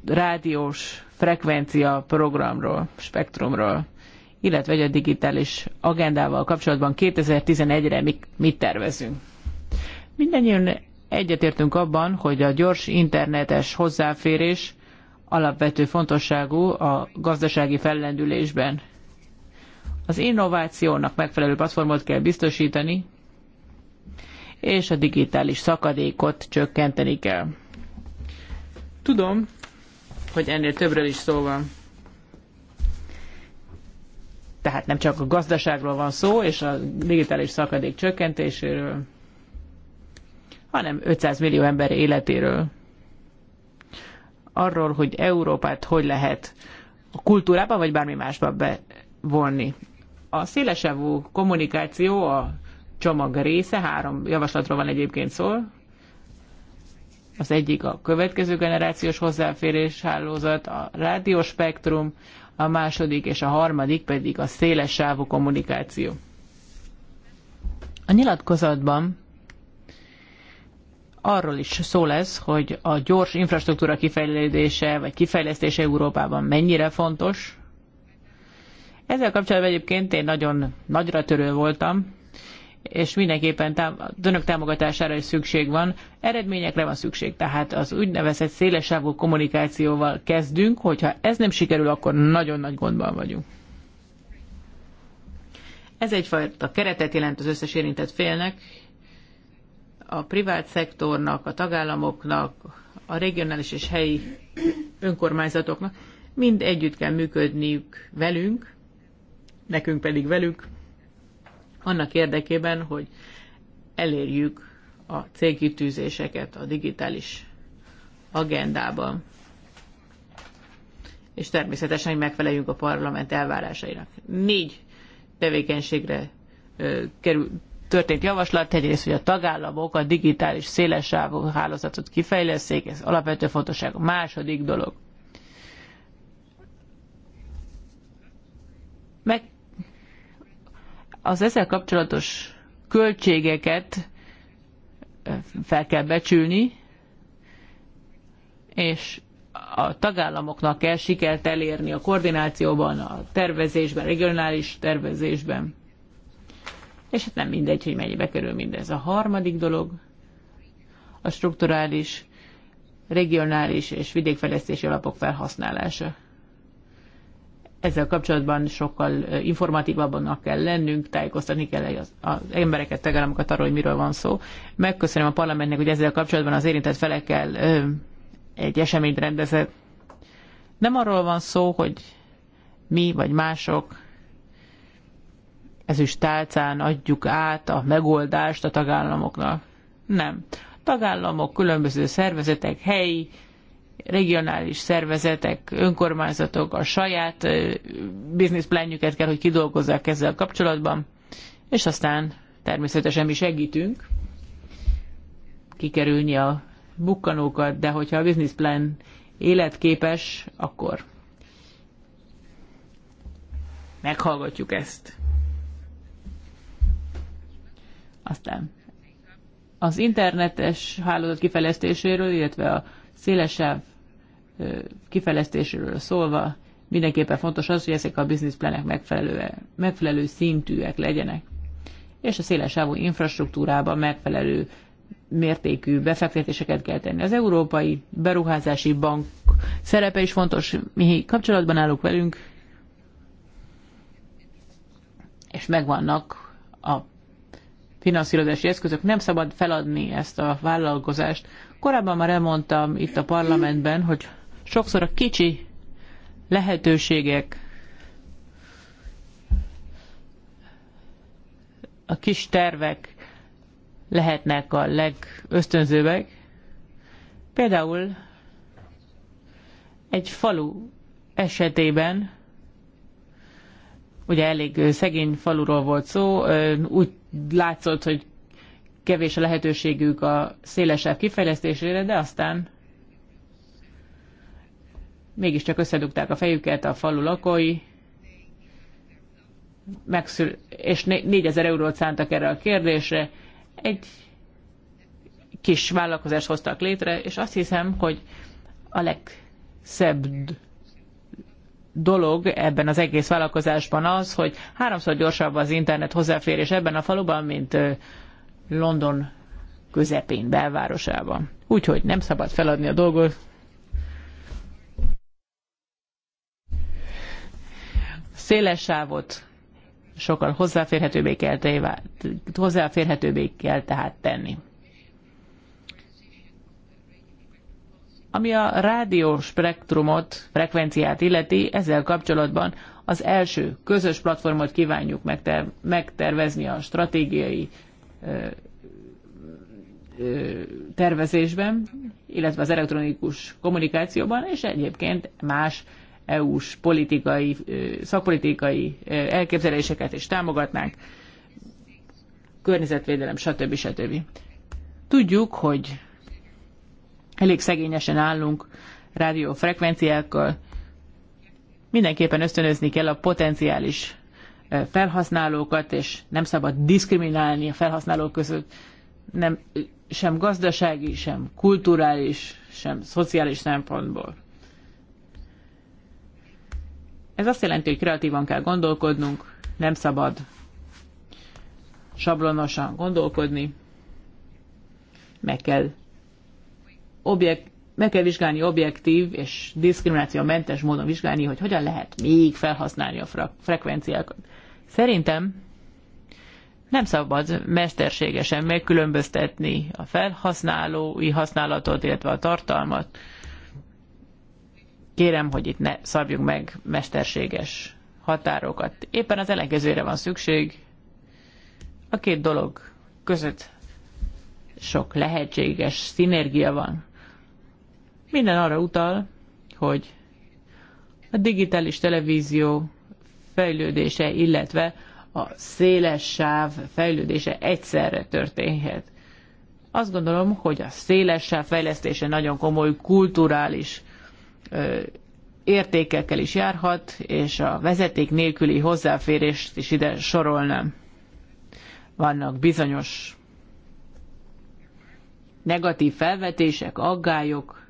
rádiós frekvencia programról, spektrumról, illetve egy a digitális agendával kapcsolatban 2011-re mit, mit tervezünk. Mindennyian egyetértünk abban, hogy a gyors internetes hozzáférés alapvető fontosságú a gazdasági fellendülésben. Az innovációnak megfelelő platformot kell biztosítani, és a digitális szakadékot csökkenteni kell. Tudom, hogy ennél többről is szó van. Tehát nem csak a gazdaságról van szó, és a digitális szakadék csökkentéséről, hanem 500 millió ember életéről. Arról, hogy Európát hogy lehet a kultúrába vagy bármi másba bevonni. A szélesevú kommunikáció a csomag része, három javaslatról van egyébként szó. Az egyik a következő generációs hozzáférés hálózat, a rádióspektrum, a második és a harmadik pedig a széles sávú kommunikáció. A nyilatkozatban arról is szó lesz, hogy a gyors infrastruktúra kifejlődése vagy kifejlesztése Európában mennyire fontos. Ezzel kapcsolatban egyébként én nagyon nagyra törő voltam, és mindenképpen tám- önök támogatására is szükség van. Eredményekre van szükség, tehát az úgynevezett szélesávú kommunikációval kezdünk, hogyha ez nem sikerül, akkor nagyon nagy gondban vagyunk. Ez egyfajta keretet jelent az összes érintett félnek, a privát szektornak, a tagállamoknak, a regionális és helyi önkormányzatoknak mind együtt kell működniük velünk, nekünk pedig velük, annak érdekében, hogy elérjük a célkitűzéseket a digitális agendában. És természetesen, hogy megfeleljünk a parlament elvárásainak. Négy tevékenységre kerül, történt javaslat egyrészt, hogy a tagállamok a digitális szélessávú hálózatot kifejleszék, ez alapvető fontosság. A második dolog. Meg az ezzel kapcsolatos költségeket fel kell becsülni, és a tagállamoknak kell sikert elérni a koordinációban, a tervezésben, a regionális tervezésben és hát nem mindegy, hogy mennyibe kerül mindez. A harmadik dolog a strukturális, regionális és vidékfejlesztési alapok felhasználása. Ezzel kapcsolatban sokkal informatívabbnak kell lennünk, tájékoztatni kell az, az embereket, tegelemokat arról, hogy miről van szó. Megköszönöm a parlamentnek, hogy ezzel kapcsolatban az érintett felekkel ö, egy eseményt rendezett. Nem arról van szó, hogy mi vagy mások ezüst tálcán adjuk át a megoldást a tagállamoknak. Nem. A tagállamok, különböző szervezetek, helyi, regionális szervezetek, önkormányzatok a saját bizniszplánjüket kell, hogy kidolgozzák ezzel kapcsolatban, és aztán természetesen mi segítünk kikerülni a bukkanókat, de hogyha a bizniszplán életképes, akkor meghallgatjuk ezt. Aztán az internetes hálózat kifejlesztéséről, illetve a szélesebb kifejlesztéséről szólva, mindenképpen fontos az, hogy ezek a bizniszplenek megfelelő, megfelelő szintűek legyenek, és a szélesávú infrastruktúrában megfelelő mértékű befektetéseket kell tenni. Az Európai Beruházási Bank szerepe is fontos, mi kapcsolatban állunk velünk, és megvannak a finanszírozási eszközök, nem szabad feladni ezt a vállalkozást. Korábban már elmondtam itt a parlamentben, hogy sokszor a kicsi lehetőségek, a kis tervek lehetnek a legösztönzőbbek. Például egy falu esetében Ugye elég szegény faluról volt szó, úgy látszott, hogy kevés a lehetőségük a szélesebb kifejlesztésére, de aztán mégiscsak összedugták a fejüket a falu lakói, megszül, és 4000 eurót szántak erre a kérdésre, egy kis vállalkozást hoztak létre, és azt hiszem, hogy a legszebb dolog ebben az egész vállalkozásban az, hogy háromszor gyorsabb az internet hozzáférés ebben a faluban, mint London közepén, belvárosában. Úgyhogy nem szabad feladni a dolgot. Széles sávot sokkal hozzáférhetőbbé kell, hozzáférhetőbbé kell tehát tenni. Ami a rádió spektrumot, frekvenciát illeti, ezzel kapcsolatban az első közös platformot kívánjuk megter- megtervezni a stratégiai ö, ö, tervezésben, illetve az elektronikus kommunikációban, és egyébként más EU-s politikai, szakpolitikai elképzeléseket is támogatnánk, környezetvédelem, stb. stb. Tudjuk, hogy Elég szegényesen állunk rádiófrekvenciákkal. Mindenképpen ösztönözni kell a potenciális e, felhasználókat, és nem szabad diszkriminálni a felhasználók között. Nem, e, sem gazdasági, sem kulturális, sem szociális szempontból. Ez azt jelenti, hogy kreatívan kell gondolkodnunk, nem szabad sablonosan gondolkodni, meg kell objekt, meg kell vizsgálni objektív és diszkriminációmentes módon vizsgálni, hogy hogyan lehet még felhasználni a frekvenciákat. Szerintem nem szabad mesterségesen megkülönböztetni a felhasználói használatot, illetve a tartalmat. Kérem, hogy itt ne szabjuk meg mesterséges határokat. Éppen az ellenkezőre van szükség. A két dolog között sok lehetséges szinergia van. Minden arra utal, hogy a digitális televízió fejlődése, illetve a széles sáv fejlődése egyszerre történhet. Azt gondolom, hogy a széles sáv fejlesztése nagyon komoly kulturális ö, értékekkel is járhat, és a vezeték nélküli hozzáférést is ide sorolnám. Vannak bizonyos negatív felvetések, aggályok,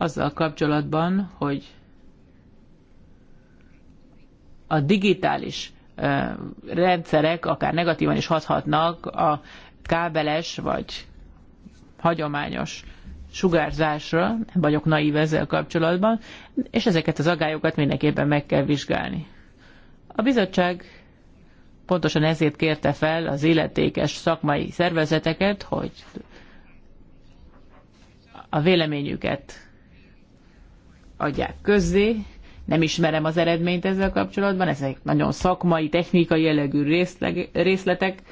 azzal kapcsolatban, hogy a digitális rendszerek akár negatívan is hathatnak a kábeles vagy hagyományos sugárzásra, nem vagyok naív ezzel kapcsolatban, és ezeket az agályokat mindenképpen meg kell vizsgálni. A bizottság pontosan ezért kérte fel az illetékes szakmai szervezeteket, hogy a véleményüket adják közzé, nem ismerem az eredményt ezzel kapcsolatban, ezek nagyon szakmai, technikai jellegű részletek,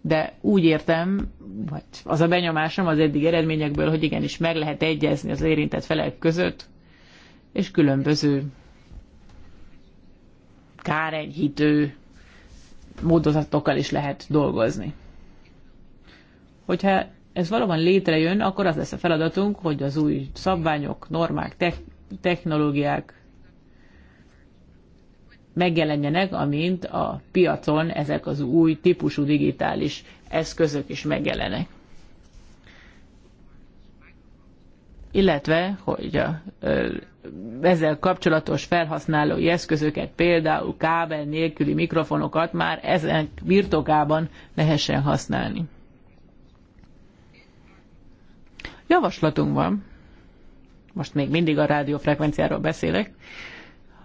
de úgy értem, vagy az a benyomásom az eddig eredményekből, hogy igenis meg lehet egyezni az érintett felek között, és különböző kárenyhítő módozatokkal is lehet dolgozni. Hogyha ez valóban létrejön, akkor az lesz a feladatunk, hogy az új szabványok, normák, te- technológiák megjelenjenek, amint a piacon ezek az új típusú digitális eszközök is megjelenek. Illetve, hogy a, ezzel kapcsolatos felhasználói eszközöket, például kábel nélküli mikrofonokat már ezen birtokában lehessen használni. Javaslatunk van, most még mindig a rádiófrekvenciáról beszélek,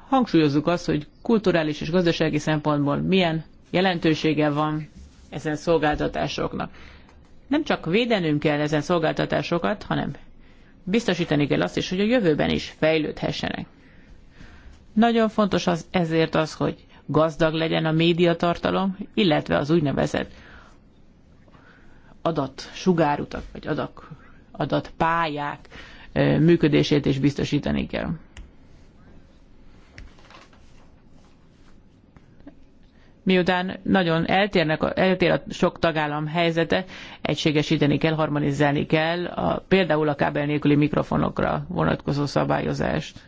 hangsúlyozzuk azt, hogy kulturális és gazdasági szempontból milyen jelentősége van ezen szolgáltatásoknak. Nem csak védenünk kell ezen szolgáltatásokat, hanem biztosítani kell azt is, hogy a jövőben is fejlődhessenek. Nagyon fontos az, ezért az, hogy gazdag legyen a médiatartalom, illetve az úgynevezett adat sugárutak, vagy adak adatpályák pályák működését is biztosítani kell. miután nagyon eltérnek, eltér a sok tagállam helyzete, egységesíteni kell, harmonizálni kell a, például a kábel nélküli mikrofonokra vonatkozó szabályozást.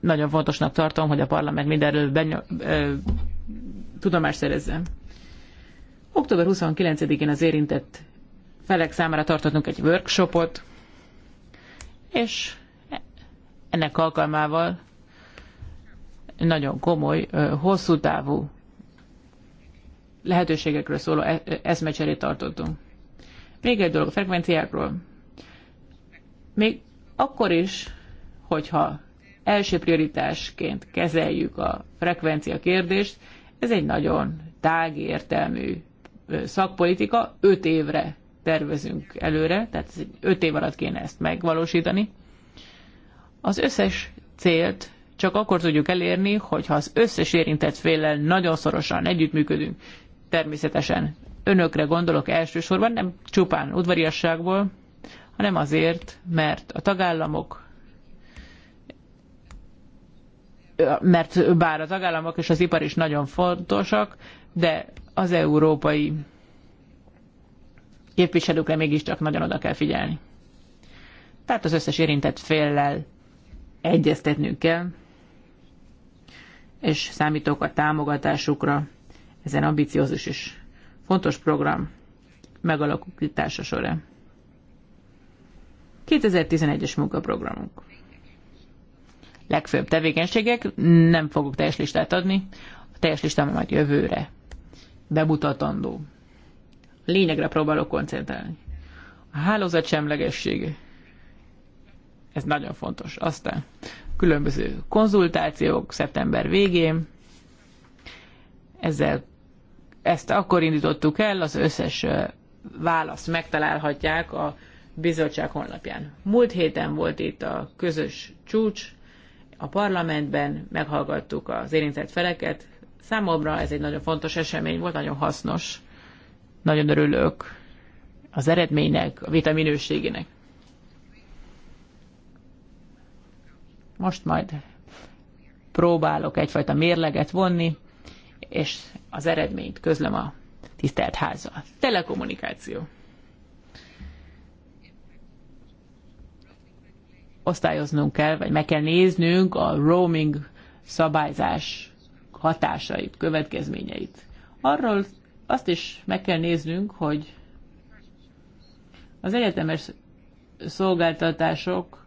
Nagyon fontosnak tartom, hogy a parlament mindenről beny- ö, tudomást szerezzen. Október 29-én az érintett felek számára tartottunk egy workshopot, és ennek alkalmával nagyon komoly, hosszú távú lehetőségekről szóló e-, eszmecserét tartottunk. Még egy dolog, a frekvenciákról. Még akkor is, hogyha első prioritásként kezeljük a frekvencia kérdést, ez egy nagyon tág értelmű szakpolitika, öt évre tervezünk előre, tehát öt év alatt kéne ezt megvalósítani. Az összes célt csak akkor tudjuk elérni, hogyha az összes érintett félel nagyon szorosan együttműködünk. Természetesen önökre gondolok elsősorban, nem csupán udvariasságból, hanem azért, mert a tagállamok mert bár a tagállamok és az ipar is nagyon fontosak, de az európai képviselőkre mégiscsak nagyon oda kell figyelni. Tehát az összes érintett féllel egyeztetnünk kell, és számítok a támogatásukra ezen ambiciózus és fontos program megalakítása során. 2011-es munkaprogramunk. Legfőbb tevékenységek, nem fogok teljes listát adni, a teljes listám majd jövőre bemutatandó. Lényegre próbálok koncentrálni. A hálózat semlegessége. Ez nagyon fontos. Aztán különböző konzultációk szeptember végén. Ezzel ezt akkor indítottuk el, az összes választ megtalálhatják a bizottság honlapján. Múlt héten volt itt a közös csúcs, a parlamentben meghallgattuk az érintett feleket, Számomra ez egy nagyon fontos esemény volt, nagyon hasznos. Nagyon örülök az eredménynek, a vita minőségének. Most majd próbálok egyfajta mérleget vonni, és az eredményt közlöm a tisztelt házzal. Telekommunikáció. Osztályoznunk kell, vagy meg kell néznünk a roaming szabályzás hatásait, következményeit. Arról azt is meg kell néznünk, hogy az egyetemes szolgáltatások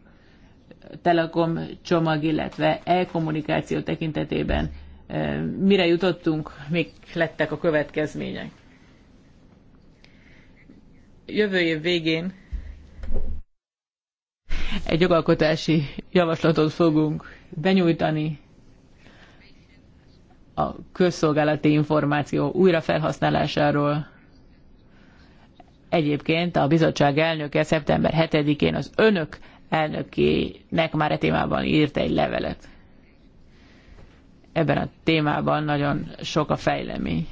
telekom csomag, illetve e-kommunikáció tekintetében eh, mire jutottunk, mik lettek a következmények. Jövő év végén egy jogalkotási javaslatot fogunk benyújtani a közszolgálati információ újrafelhasználásáról. Egyébként a bizottság elnöke szeptember 7-én az önök elnökének már a témában írt egy levelet. Ebben a témában nagyon sok a fejlemény.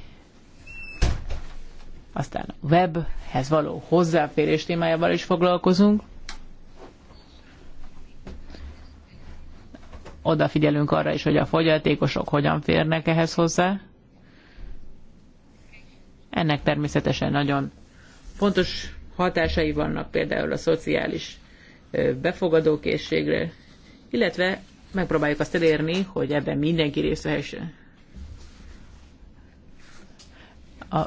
Aztán a webhez való hozzáférés témájával is foglalkozunk. odafigyelünk arra is, hogy a fogyatékosok hogyan férnek ehhez hozzá. Ennek természetesen nagyon fontos hatásai vannak például a szociális befogadókészségre, illetve megpróbáljuk azt elérni, hogy ebben mindenki részt vehessen. A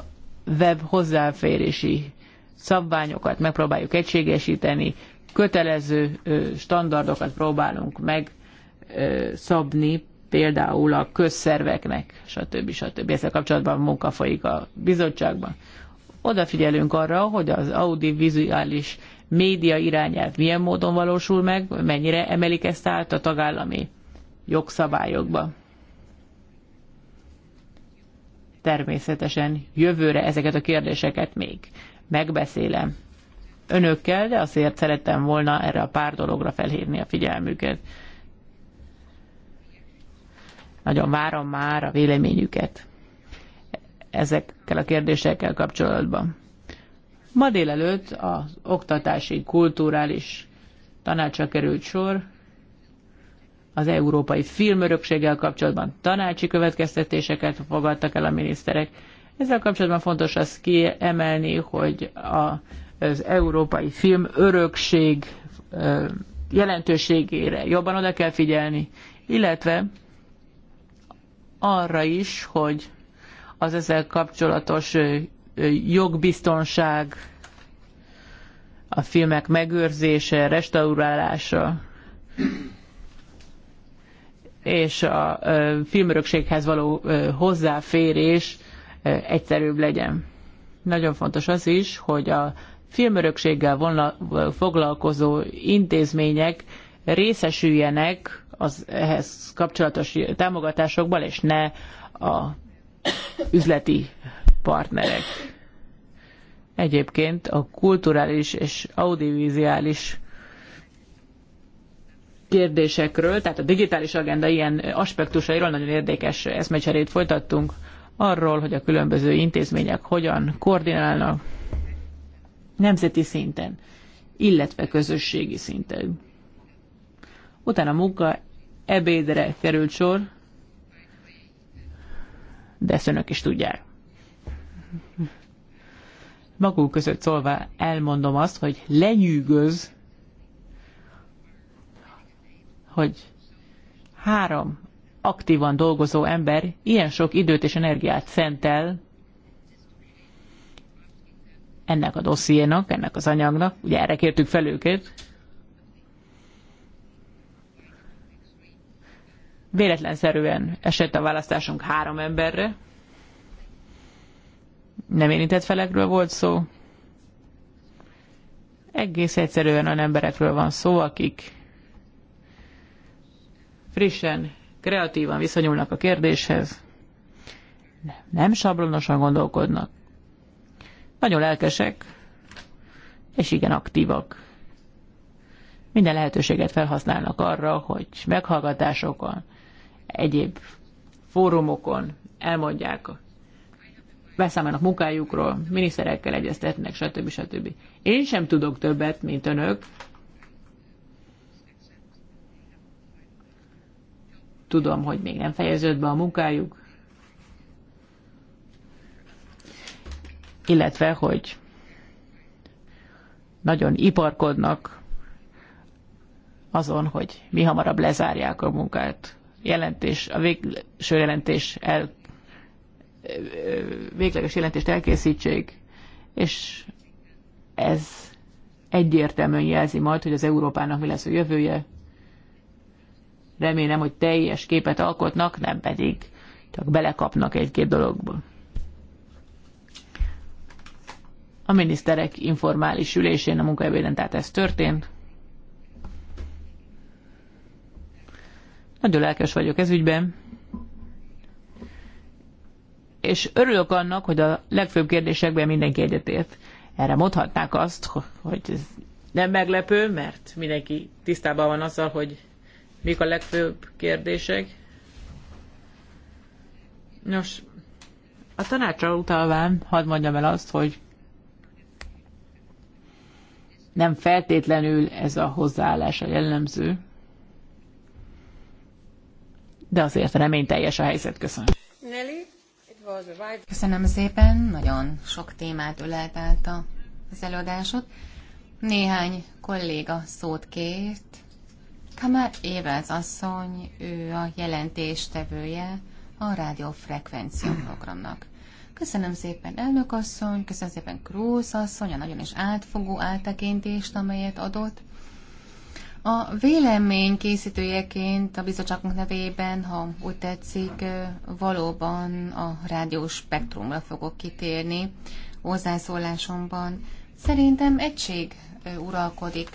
web hozzáférési szabványokat megpróbáljuk egységesíteni, kötelező standardokat próbálunk meg szabni, például a közszerveknek, stb. stb. Ezzel kapcsolatban munka folyik a bizottságban. Odafigyelünk arra, hogy az audiovizuális média irányelv milyen módon valósul meg, mennyire emelik ezt át a tagállami jogszabályokba. Természetesen jövőre ezeket a kérdéseket még megbeszélem önökkel, de azért szerettem volna erre a pár dologra felhívni a figyelmüket. Nagyon várom már a véleményüket ezekkel a kérdésekkel kapcsolatban. Ma délelőtt az oktatási, kulturális tanácsra került sor, az európai filmörökséggel kapcsolatban tanácsi következtetéseket fogadtak el a miniszterek. Ezzel kapcsolatban fontos azt kiemelni, hogy a, az európai filmörökség jelentőségére jobban oda kell figyelni, illetve arra is, hogy az ezzel kapcsolatos jogbiztonság, a filmek megőrzése, restaurálása, és a filmörökséghez való hozzáférés egyszerűbb legyen. Nagyon fontos az is, hogy a filmörökséggel vonla, foglalkozó intézmények részesüljenek az ehhez kapcsolatos támogatásokból, és ne a üzleti partnerek. Egyébként a kulturális és audiovizuális kérdésekről, tehát a digitális agenda ilyen aspektusairól nagyon érdekes eszmecserét folytattunk, arról, hogy a különböző intézmények hogyan koordinálnak nemzeti szinten, illetve közösségi szinten. Utána munka ebédre került sor, de ezt önök is tudják. Magunk között szólva elmondom azt, hogy lenyűgöz, hogy három aktívan dolgozó ember ilyen sok időt és energiát szentel ennek a dossziénak, ennek az anyagnak, ugye erre kértük fel őket, véletlenszerűen esett a választásunk három emberre. Nem érintett felekről volt szó. Egész egyszerűen olyan emberekről van szó, akik frissen, kreatívan viszonyulnak a kérdéshez, nem sablonosan gondolkodnak, nagyon lelkesek, és igen aktívak. Minden lehetőséget felhasználnak arra, hogy meghallgatásokon, egyéb fórumokon elmondják, beszámolnak munkájukról, miniszterekkel egyeztetnek, stb. stb. Én sem tudok többet, mint önök. Tudom, hogy még nem fejeződött be a munkájuk, illetve, hogy nagyon iparkodnak azon, hogy mi hamarabb lezárják a munkát jelentés, a végső jelentés el, végleges jelentést elkészítsék, és ez egyértelműen jelzi majd, hogy az Európának mi lesz a jövője. Remélem, hogy teljes képet alkotnak, nem pedig csak belekapnak egy-két dologba. A miniszterek informális ülésén a munkaevéden, tehát ez történt. Nagyon lelkes vagyok ez ügyben. És örülök annak, hogy a legfőbb kérdésekben mindenki egyetért. Erre mondhatnák azt, hogy ez nem meglepő, mert mindenki tisztában van azzal, hogy mik a legfőbb kérdések. Nos, a tanácsra utalván hadd mondjam el azt, hogy nem feltétlenül ez a hozzáállás a jellemző de azért reményteljes a helyzet. Köszönöm. Köszönöm szépen, nagyon sok témát ölelt át az előadásod. Néhány kolléga szót kért. Kamár Évez asszony, ő a jelentéstevője a rádiófrekvencia programnak. Köszönöm szépen, elnök asszony, köszönöm szépen Krúz asszony, a nagyon is átfogó áttekintést, amelyet adott. A vélemény készítőjeként a bizottságunk nevében, ha úgy tetszik, valóban a rádiós spektrumra fogok kitérni hozzászólásomban. Szerintem egység uralkodik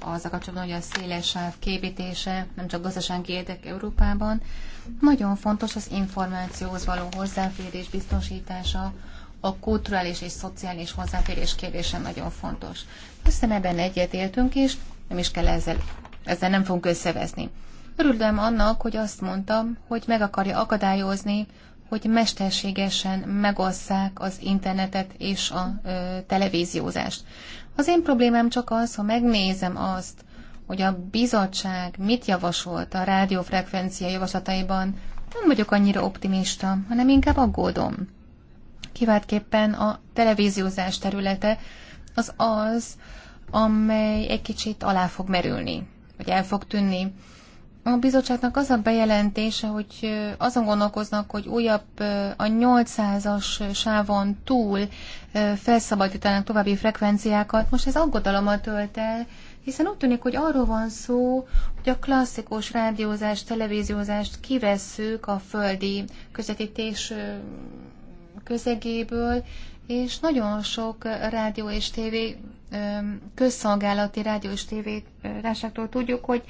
az a kapcsolatban, hogy a széles sáv képítése nem csak gazdasági érdek Európában. Nagyon fontos az információhoz való hozzáférés biztosítása, a kulturális és szociális hozzáférés kérdése nagyon fontos. Köszönöm, ebben egyetértünk, és nem is kell ezzel, ezzel nem fogunk összevezni. Örülöm annak, hogy azt mondtam, hogy meg akarja akadályozni, hogy mesterségesen megosszák az internetet és a ö, televíziózást. Az én problémám csak az, ha megnézem azt, hogy a bizottság mit javasolt a rádiófrekvencia javaslataiban, nem vagyok annyira optimista, hanem inkább aggódom. Kiváltképpen a televíziózás területe az az, amely egy kicsit alá fog merülni, vagy el fog tűnni. A bizottságnak az a bejelentése, hogy azon gondolkoznak, hogy újabb a 800-as sávon túl felszabadítanak további frekvenciákat. Most ez aggodalomat tölt el, hiszen úgy tűnik, hogy arról van szó, hogy a klasszikus rádiózást, televíziózást kivesszük a földi közvetítés közegéből, és nagyon sok rádió és tévé közszolgálati rádió és tévérásáktól tudjuk, hogy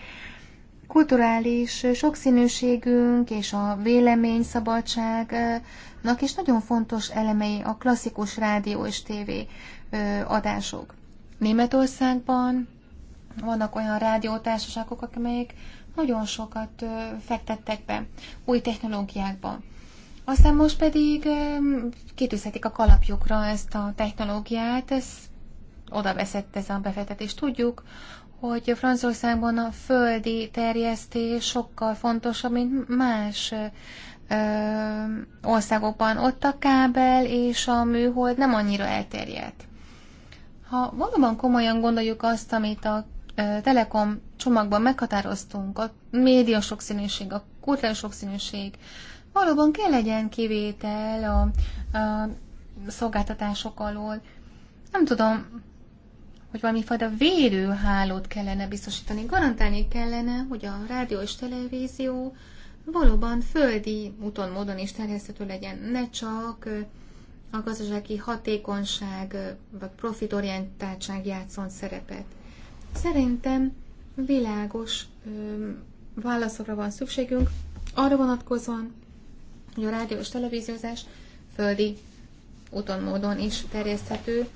kulturális sokszínűségünk és a véleményszabadságnak is nagyon fontos elemei a klasszikus rádió és tévé adások. Németországban vannak olyan rádiótársaságok, amelyek nagyon sokat fektettek be új technológiákba. Aztán most pedig kitűzhetik a kalapjukra ezt a technológiát, ez oda veszett ez a befektetés. Tudjuk, hogy Franciaországban a földi terjesztés sokkal fontosabb, mint más ö, országokban. Ott a kábel és a műhold nem annyira elterjedt. Ha valóban komolyan gondoljuk azt, amit a Telekom csomagban meghatároztunk, a média sokszínűség, a kulturális sokszínűség, valóban kell legyen kivétel a, a szolgáltatások alól. Nem tudom, hogy valami fajta védőhálót kellene biztosítani. Garantálni kellene, hogy a rádió és televízió valóban földi úton, módon is terjeszthető legyen. Ne csak a gazdasági hatékonyság vagy profitorientáltság játszon szerepet. Szerintem világos válaszokra van szükségünk arra vonatkozóan, hogy a és televíziózás földi úton, módon is terjeszthető.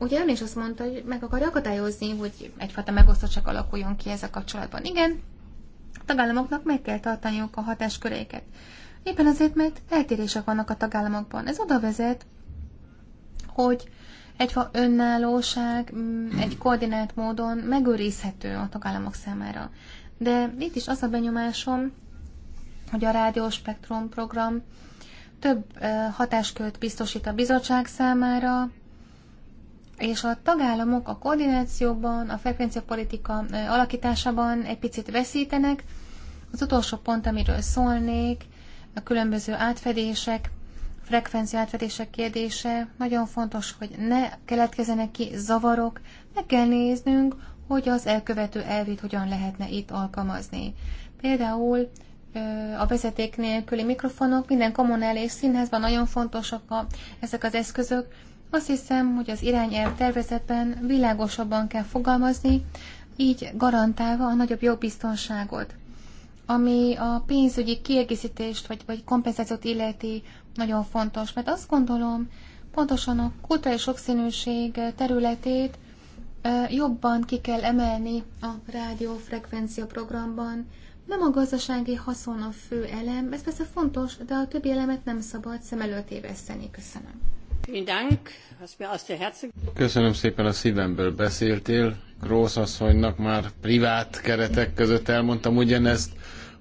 Ugye ön is azt mondta, hogy meg akarja akadályozni, hogy egyfajta megosztottság alakuljon ki a kapcsolatban. Igen, a tagállamoknak meg kell tartaniuk a hatásköréket. Éppen azért, mert eltérések vannak a tagállamokban. Ez oda vezet, hogy egyfajta önállóság mm, egy koordinált módon megőrizhető a tagállamok számára. De itt is az a benyomásom, hogy a rádióspektrum program több hatáskört biztosít a bizottság számára, és a tagállamok a koordinációban, a frekvenciapolitika alakításában egy picit veszítenek. Az utolsó pont, amiről szólnék, a különböző átfedések, frekvencia átfedések kérdése. Nagyon fontos, hogy ne keletkezenek ki zavarok, meg kell néznünk, hogy az elkövető elvét hogyan lehetne itt alkalmazni. Például a vezeték nélküli mikrofonok, minden kommunális színházban nagyon fontosak a, ezek az eszközök, azt hiszem, hogy az irányelv tervezetben világosabban kell fogalmazni, így garantálva a nagyobb jogbiztonságot. Ami a pénzügyi kiegészítést vagy, vagy kompenzációt illeti, nagyon fontos, mert azt gondolom, pontosan a kulturális sokszínűség területét jobban ki kell emelni a rádiófrekvencia programban. Nem a gazdasági haszon a fő elem, ez persze fontos, de a többi elemet nem szabad szem előtt éveszteni. Köszönöm. Köszönöm szépen a szívemből beszéltél. Grósz asszonynak már privát keretek között elmondtam ugyanezt.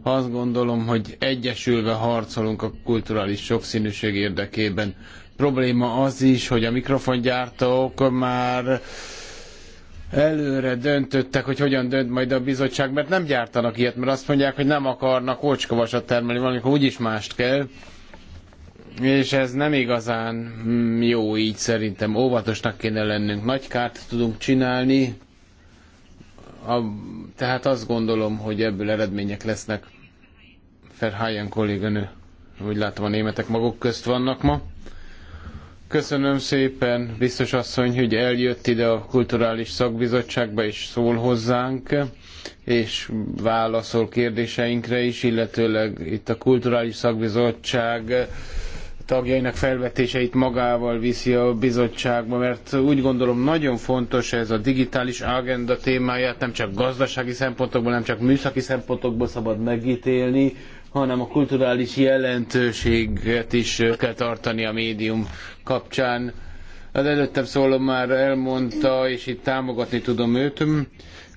Azt gondolom, hogy egyesülve harcolunk a kulturális sokszínűség érdekében. Probléma az is, hogy a mikrofongyártók már előre döntöttek, hogy hogyan dönt majd a bizottság, mert nem gyártanak ilyet, mert azt mondják, hogy nem akarnak ócskavasat termelni, valamikor úgyis mást kell és ez nem igazán mm, jó így szerintem. Óvatosnak kéne lennünk. Nagy kárt tudunk csinálni, a, tehát azt gondolom, hogy ebből eredmények lesznek. Ferhájen kolléganő, úgy látom a németek maguk közt vannak ma. Köszönöm szépen, biztos asszony, hogy eljött ide a Kulturális Szakbizottságba, és szól hozzánk, és válaszol kérdéseinkre is, illetőleg itt a Kulturális Szakbizottság tagjainak felvetéseit magával viszi a bizottságba, mert úgy gondolom nagyon fontos ez a digitális agenda témáját, nem csak gazdasági szempontokból, nem csak műszaki szempontokból szabad megítélni, hanem a kulturális jelentőséget is kell tartani a médium kapcsán. Az előttem szóló már elmondta, és itt támogatni tudom őt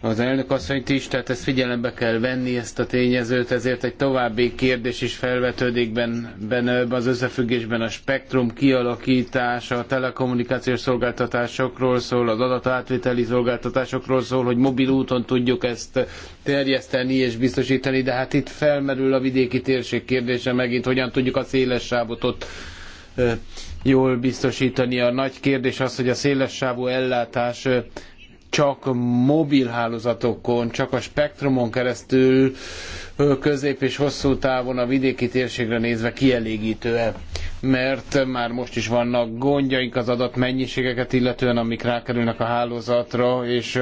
az elnök asszonyt is, tehát ezt figyelembe kell venni, ezt a tényezőt, ezért egy további kérdés is felvetődik benne az összefüggésben a spektrum kialakítása, a telekommunikációs szolgáltatásokról szól, az adatátviteli szolgáltatásokról szól, hogy mobil úton tudjuk ezt terjeszteni és biztosítani, de hát itt felmerül a vidéki térség kérdése megint, hogyan tudjuk a széles sávot ott jól biztosítani. A nagy kérdés az, hogy a széles sávú ellátás csak mobilhálózatokon, csak a spektrumon keresztül közép és hosszú távon a vidéki térségre nézve kielégítő-e? Mert már most is vannak gondjaink az adatmennyiségeket illetően, amik rákerülnek a hálózatra, és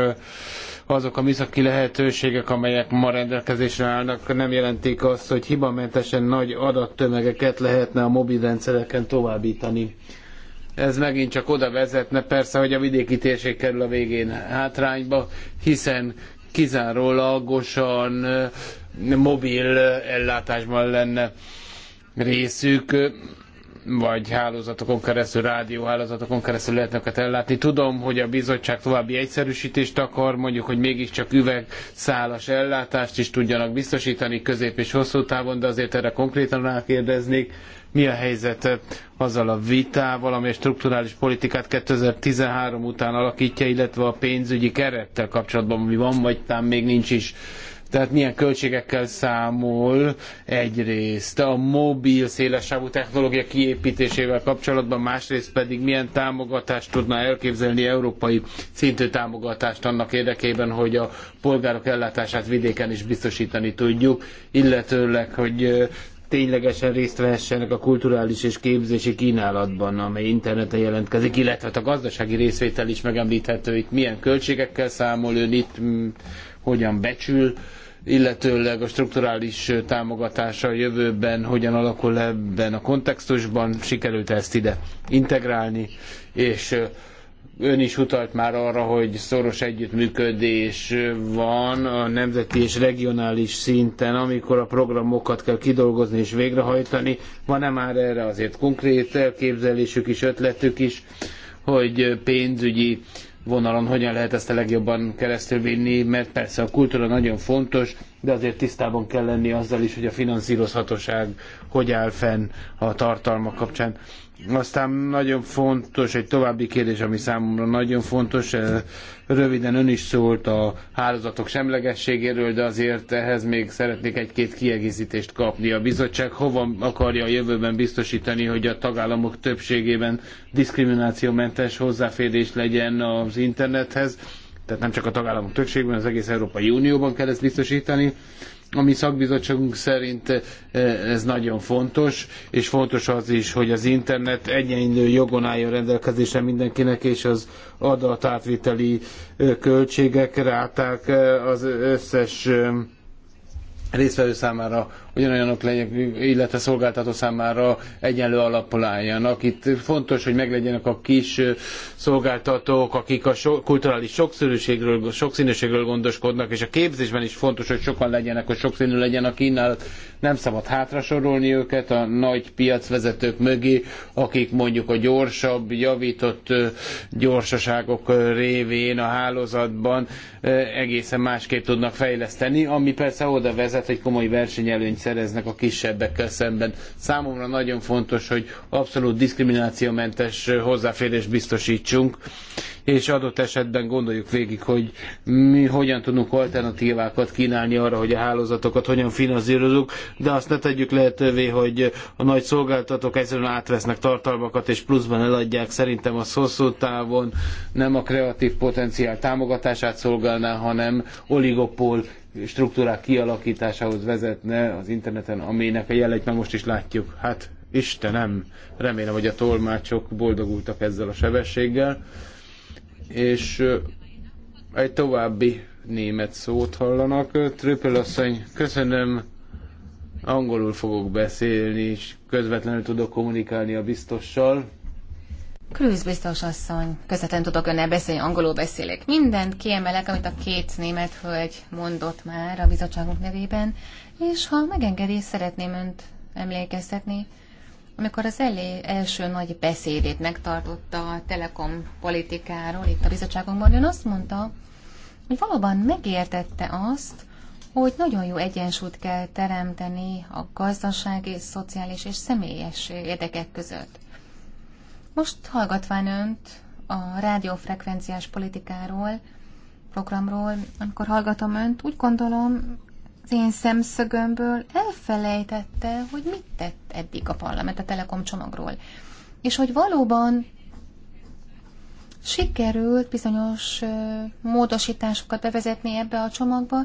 azok a műszaki lehetőségek, amelyek ma rendelkezésre állnak, nem jelentik azt, hogy hibamentesen nagy adattömegeket lehetne a mobil rendszereken továbbítani ez megint csak oda vezetne, persze, hogy a vidéki térség kerül a végén hátrányba, hiszen kizárólagosan eh, mobil ellátásban lenne részük, vagy hálózatokon keresztül, rádióhálózatokon keresztül lehetne őket ellátni. Tudom, hogy a bizottság további egyszerűsítést akar, mondjuk, hogy mégiscsak üvegszálas ellátást is tudjanak biztosítani közép és hosszú távon, de azért erre konkrétan rákérdeznék, mi a helyzet azzal a vitával, amely a strukturális politikát 2013 után alakítja, illetve a pénzügyi kerettel kapcsolatban, ami van, vagy talán még nincs is. Tehát milyen költségekkel számol egyrészt a mobil szélesávú technológia kiépítésével kapcsolatban, másrészt pedig milyen támogatást tudna elképzelni európai szintű támogatást annak érdekében, hogy a polgárok ellátását vidéken is biztosítani tudjuk, illetőleg, hogy ténylegesen részt vehessenek a kulturális és képzési kínálatban, amely interneten jelentkezik, illetve hát a gazdasági részvétel is megemlíthető itt, milyen költségekkel számol ön itt, hogyan becsül, illetőleg a strukturális támogatása a jövőben hogyan alakul ebben a kontextusban, sikerült ezt ide integrálni, és Ön is utalt már arra, hogy szoros együttműködés van a nemzeti és regionális szinten, amikor a programokat kell kidolgozni és végrehajtani. Van-e már erre azért konkrét elképzelésük is, ötletük is, hogy pénzügyi vonalon hogyan lehet ezt a legjobban vinni, mert persze a kultúra nagyon fontos, de azért tisztában kell lenni azzal is, hogy a finanszírozhatóság hogy áll fenn a tartalma kapcsán. Aztán nagyon fontos, egy további kérdés, ami számomra nagyon fontos, eh, röviden ön is szólt a hálózatok semlegességéről, de azért ehhez még szeretnék egy-két kiegészítést kapni. A bizottság hova akarja a jövőben biztosítani, hogy a tagállamok többségében diszkriminációmentes hozzáférés legyen az internethez? Tehát nem csak a tagállamok többségében, az egész Európai Unióban kell ezt biztosítani a mi szakbizottságunk szerint eh, ez nagyon fontos, és fontos az is, hogy az internet egyenlő jogon álljon rendelkezésre mindenkinek, és az adatátviteli költségek, ráták az összes részvevő számára ugyanolyanok legyenek, illetve szolgáltató számára egyenlő alappal álljanak. Itt fontos, hogy meglegyenek a kis szolgáltatók, akik a so- kulturális sokszínűségről, sokszínűségről gondoskodnak, és a képzésben is fontos, hogy sokan legyenek, hogy sokszínű legyen a kínálat. Nem szabad hátrasorolni őket a nagy piacvezetők mögé, akik mondjuk a gyorsabb, javított gyorsaságok révén a hálózatban egészen másképp tudnak fejleszteni, ami persze oda vezet, hogy komoly versenyelőnyt szereznek a kisebbekkel szemben. Számomra nagyon fontos, hogy abszolút diszkriminációmentes hozzáférést biztosítsunk, és adott esetben gondoljuk végig, hogy mi hogyan tudunk alternatívákat kínálni arra, hogy a hálózatokat hogyan finanszírozunk, de azt ne tegyük lehetővé, hogy a nagy szolgáltatók egyszerűen átvesznek tartalmakat és pluszban eladják. Szerintem az hosszú távon nem a kreatív potenciál támogatását szolgálná, hanem oligopól struktúrák kialakításához vezetne az interneten, aminek a jeleit már most is látjuk. Hát Istenem, remélem, hogy a tolmácsok boldogultak ezzel a sebességgel. És egy további német szót hallanak. Trüppel asszony, köszönöm, angolul fogok beszélni, és közvetlenül tudok kommunikálni a biztossal. Krűz biztos asszony, közvetlen tudok önnel beszélni, angolul beszélek. Mindent kiemelek, amit a két német hölgy mondott már a bizottságunk nevében, és ha megengedi, szeretném önt emlékeztetni, amikor az elé első nagy beszédét megtartotta a telekom politikáról itt a bizottságunkban, ön azt mondta, hogy valóban megértette azt, hogy nagyon jó egyensúlyt kell teremteni a gazdasági, szociális és személyes érdekek között. Most hallgatván önt a rádiófrekvenciás politikáról, programról, amikor hallgatom önt, úgy gondolom, az én szemszögömből elfelejtette, hogy mit tett eddig a parlament a Telekom csomagról. És hogy valóban sikerült bizonyos módosításokat bevezetni ebbe a csomagba,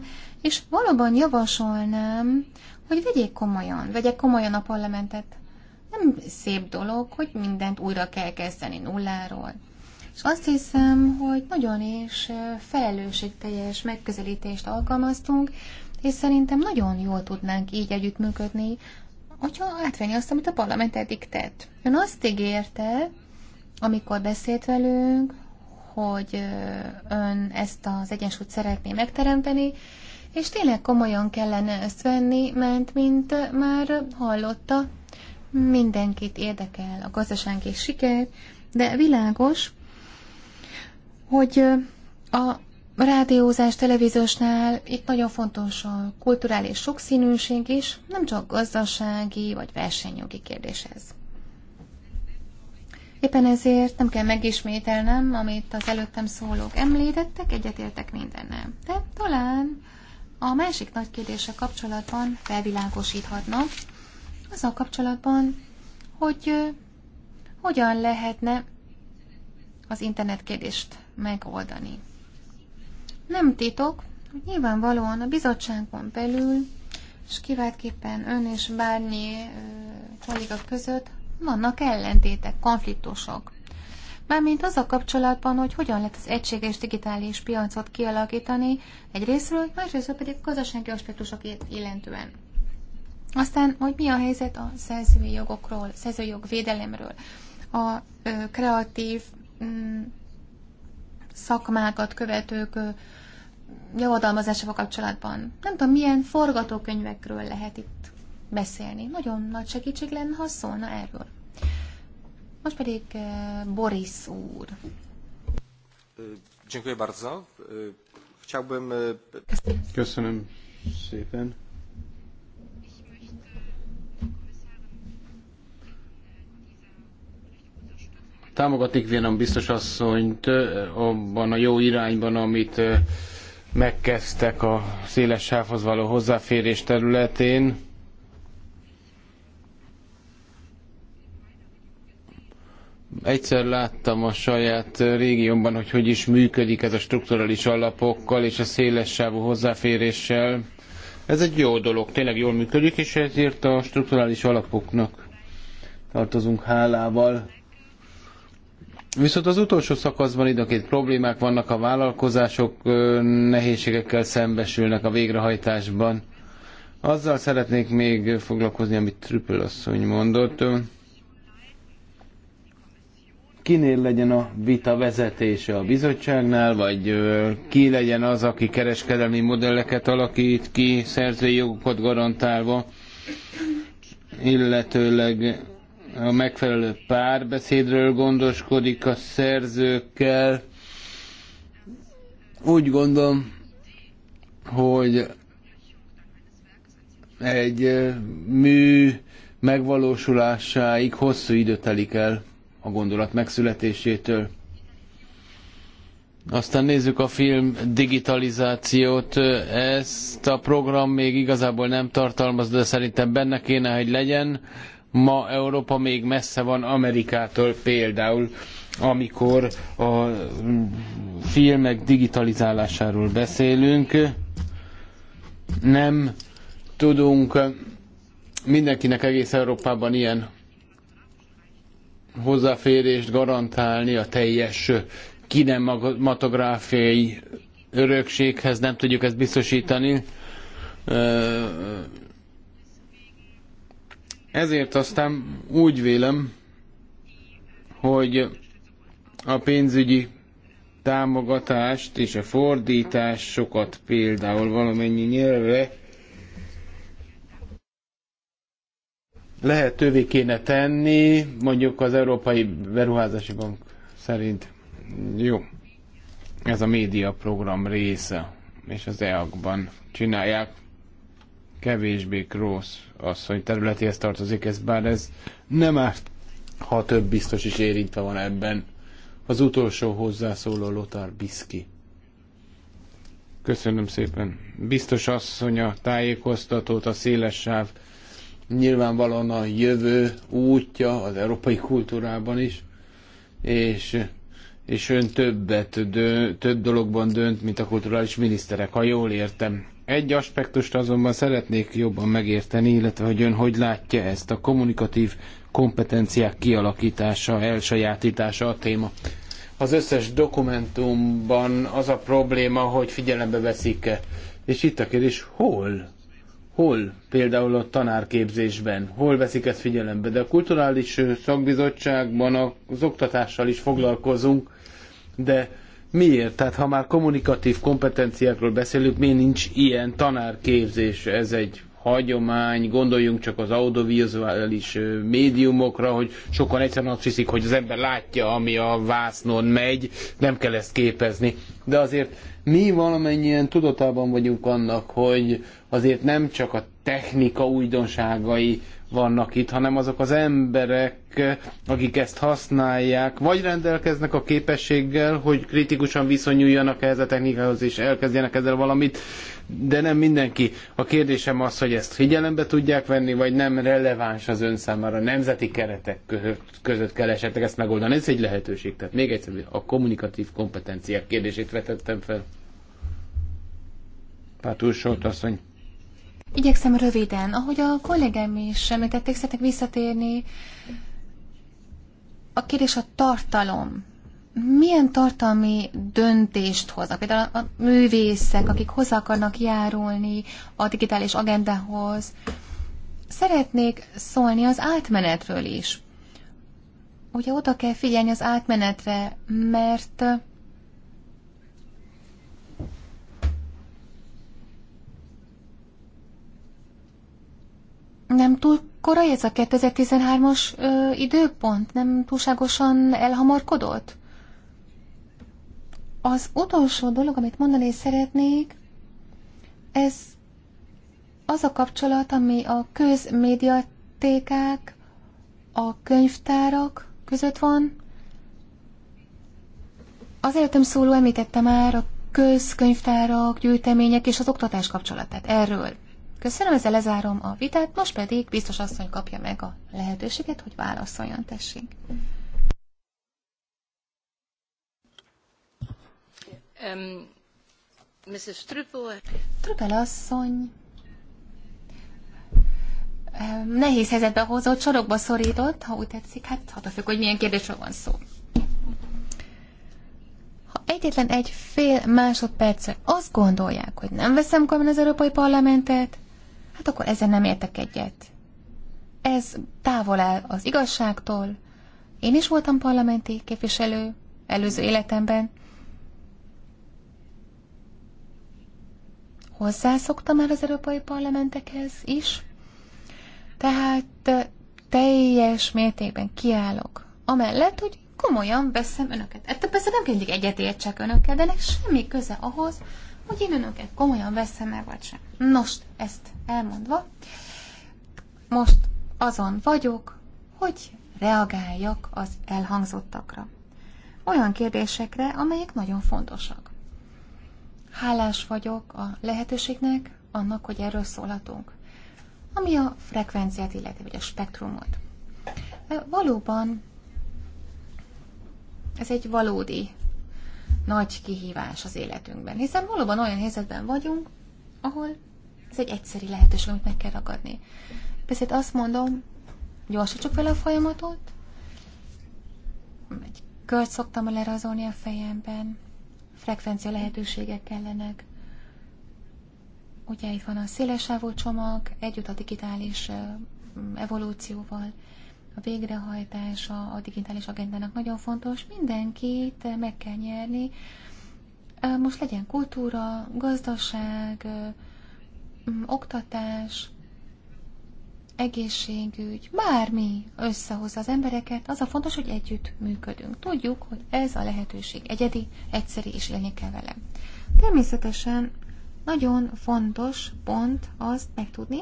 és valóban javasolnám, hogy vegyék komolyan, vegyék komolyan a parlamentet nem szép dolog, hogy mindent újra kell kezdeni nulláról. És azt hiszem, hogy nagyon is felelősségteljes megközelítést alkalmaztunk, és szerintem nagyon jól tudnánk így együttműködni, hogyha átvenni azt, amit a parlament eddig tett. Ön azt ígérte, amikor beszélt velünk, hogy ön ezt az egyensúlyt szeretné megteremteni, és tényleg komolyan kellene ezt venni, mert mint már hallotta, Mindenkit érdekel a gazdasági siker, de világos, hogy a rádiózás, televíziósnál itt nagyon fontos a kulturális sokszínűség is, nem csak gazdasági vagy versenyjogi kérdés ez. Éppen ezért nem kell megismételnem, amit az előttem szólók említettek, egyetértek mindennel. De talán a másik nagy kérdése kapcsolatban felvilágosíthatnak, az a kapcsolatban, hogy hogyan lehetne az internet kérdést megoldani. Nem titok, hogy nyilvánvalóan a bizottságon belül, és kiváltképpen ön és bárnyi kolléga között vannak ellentétek, konfliktusok. Mármint az a kapcsolatban, hogy hogyan lehet az egységes digitális piacot kialakítani egy részről, másrésztről pedig gazdasági aspektusok illetően. Aztán, hogy mi a helyzet a szerzői jogokról, szerzői jogvédelemről, a ö, kreatív m- mm, szakmákat követők ö, javadalmazásával kapcsolatban. Nem tudom, milyen forgatókönyvekről lehet itt beszélni. Nagyon nagy segítség lenne, ha szólna erről. Most pedig Boris úr. Dziękuję bardzo. Chciałbym... E, Köszönöm szépen. Támogatik vénam biztos asszonyt abban a jó irányban, amit megkezdtek a széles sávhoz való hozzáférés területén. Egyszer láttam a saját régiómban, hogy hogy is működik ez a strukturális alapokkal és a széles sávú hozzáféréssel. Ez egy jó dolog, tényleg jól működik, és ezért a strukturális alapoknak tartozunk hálával. Viszont az utolsó szakaszban időnként problémák vannak, a vállalkozások nehézségekkel szembesülnek a végrehajtásban. Azzal szeretnék még foglalkozni, amit Trüppel asszony mondott. Kinél legyen a vita vezetése a bizottságnál, vagy ki legyen az, aki kereskedelmi modelleket alakít ki, szerzői jogokat garantálva, illetőleg a megfelelő párbeszédről gondoskodik a szerzőkkel. Úgy gondolom, hogy egy mű megvalósulásáig hosszú idő telik el a gondolat megszületésétől. Aztán nézzük a film digitalizációt. Ezt a program még igazából nem tartalmaz, de szerintem benne kéne, hogy legyen. Ma Európa még messze van Amerikától például, amikor a filmek digitalizálásáról beszélünk. Nem tudunk mindenkinek egész Európában ilyen hozzáférést garantálni a teljes kinematográfiai örökséghez, nem tudjuk ezt biztosítani ezért aztán úgy vélem, hogy a pénzügyi támogatást és a fordításokat például valamennyi nyelvre lehetővé kéne tenni, mondjuk az Európai Beruházási Bank szerint. Jó. Ez a médiaprogram része, és az EAG-ban csinálják kevésbé Krósz asszony területéhez tartozik, ez bár ez nem árt, ha több biztos is érintve van ebben. Az utolsó hozzászóló Lothar Biszki. Köszönöm szépen. Biztos asszony a tájékoztatót, a széles sáv nyilvánvalóan a jövő útja az európai kultúrában is, és, és ön többet, dö, több dologban dönt, mint a kulturális miniszterek, ha jól értem. Egy aspektust azonban szeretnék jobban megérteni, illetve hogy ön hogy látja ezt a kommunikatív kompetenciák kialakítása, elsajátítása a téma. Az összes dokumentumban az a probléma, hogy figyelembe veszik-e. És itt a kérdés, hol? Hol? Például a tanárképzésben. Hol veszik ezt figyelembe? De a kulturális szakbizottságban az oktatással is foglalkozunk, de Miért? Tehát ha már kommunikatív kompetenciákról beszélünk, miért nincs ilyen tanárképzés? Ez egy hagyomány, gondoljunk csak az audiovizuális médiumokra, hogy sokan egyszerűen azt hiszik, hogy az ember látja, ami a vásznon megy, nem kell ezt képezni. De azért mi valamennyien tudatában vagyunk annak, hogy azért nem csak a technika újdonságai vannak itt, hanem azok az emberek, akik ezt használják, vagy rendelkeznek a képességgel, hogy kritikusan viszonyuljanak ehhez a technikához, és elkezdjenek ezzel valamit, de nem mindenki. A kérdésem az, hogy ezt figyelembe tudják venni, vagy nem releváns az ön számára. Nemzeti keretek között kell esetleg ezt megoldani. Ez egy lehetőség. Tehát még egyszer a kommunikatív kompetenciák kérdését vetettem fel. Pátúr Solt asszony. Igyekszem röviden. Ahogy a kollégám is említették, szeretnék visszatérni. A kérdés a tartalom. Milyen tartalmi döntést hoznak? Például a művészek, akik hozzá akarnak járulni a digitális agendához. Szeretnék szólni az átmenetről is. Ugye oda kell figyelni az átmenetre, mert nem túl korai ez a 2013-as időpont? Nem túlságosan elhamarkodott? Az utolsó dolog, amit mondani szeretnék, ez az a kapcsolat, ami a közmédiatékák, a könyvtárak között van. Az előttem szóló említette már a közkönyvtárak, gyűjtemények és az oktatás kapcsolatát. Erről Köszönöm, ezzel lezárom a vitát, most pedig biztos asszony kapja meg a lehetőséget, hogy válaszoljon, tessék. Um, Mrs. Trüppel. Trüppel asszony um, nehéz helyzetbe hozott, sorokba szorított, ha úgy tetszik, hát attól függ, hogy milyen kérdésről van szó. Ha egyetlen egy fél másodperce azt gondolják, hogy nem veszem komolyan az Európai Parlamentet, hát akkor ezzel nem értek egyet. Ez távol áll az igazságtól. Én is voltam parlamenti képviselő előző életemben. Hozzászoktam már az európai parlamentekhez is, tehát eh, teljes mértékben kiállok. Amellett, hogy komolyan veszem önöket. Ettől persze nem mindig egyetértsek önökkel, de ennek semmi köze ahhoz, hogy én önöket komolyan veszem-e vagy sem. Nos, ezt elmondva, most azon vagyok, hogy reagáljak az elhangzottakra. Olyan kérdésekre, amelyek nagyon fontosak. Hálás vagyok a lehetőségnek, annak, hogy erről szólhatunk. Ami a frekvenciát illeti, vagy a spektrumot. Valóban ez egy valódi nagy kihívás az életünkben, hiszen valóban olyan helyzetben vagyunk, ahol ez egy egyszerű lehetőség, amit meg kell ragadni. Persze azt mondom, gyorsítsuk fel a folyamatot, egy kört szoktam lerazolni a fejemben, frekvencia lehetőségek kellenek, ugye itt van a szélesávú csomag, együtt a digitális evolúcióval, a végrehajtása a digitális agendának nagyon fontos, mindenkit meg kell nyerni. Most legyen kultúra, gazdaság, oktatás, egészségügy, bármi összehozza az embereket, az a fontos, hogy együtt működünk. Tudjuk, hogy ez a lehetőség egyedi, egyszeri, és élni kell vele. Természetesen nagyon fontos pont azt megtudni,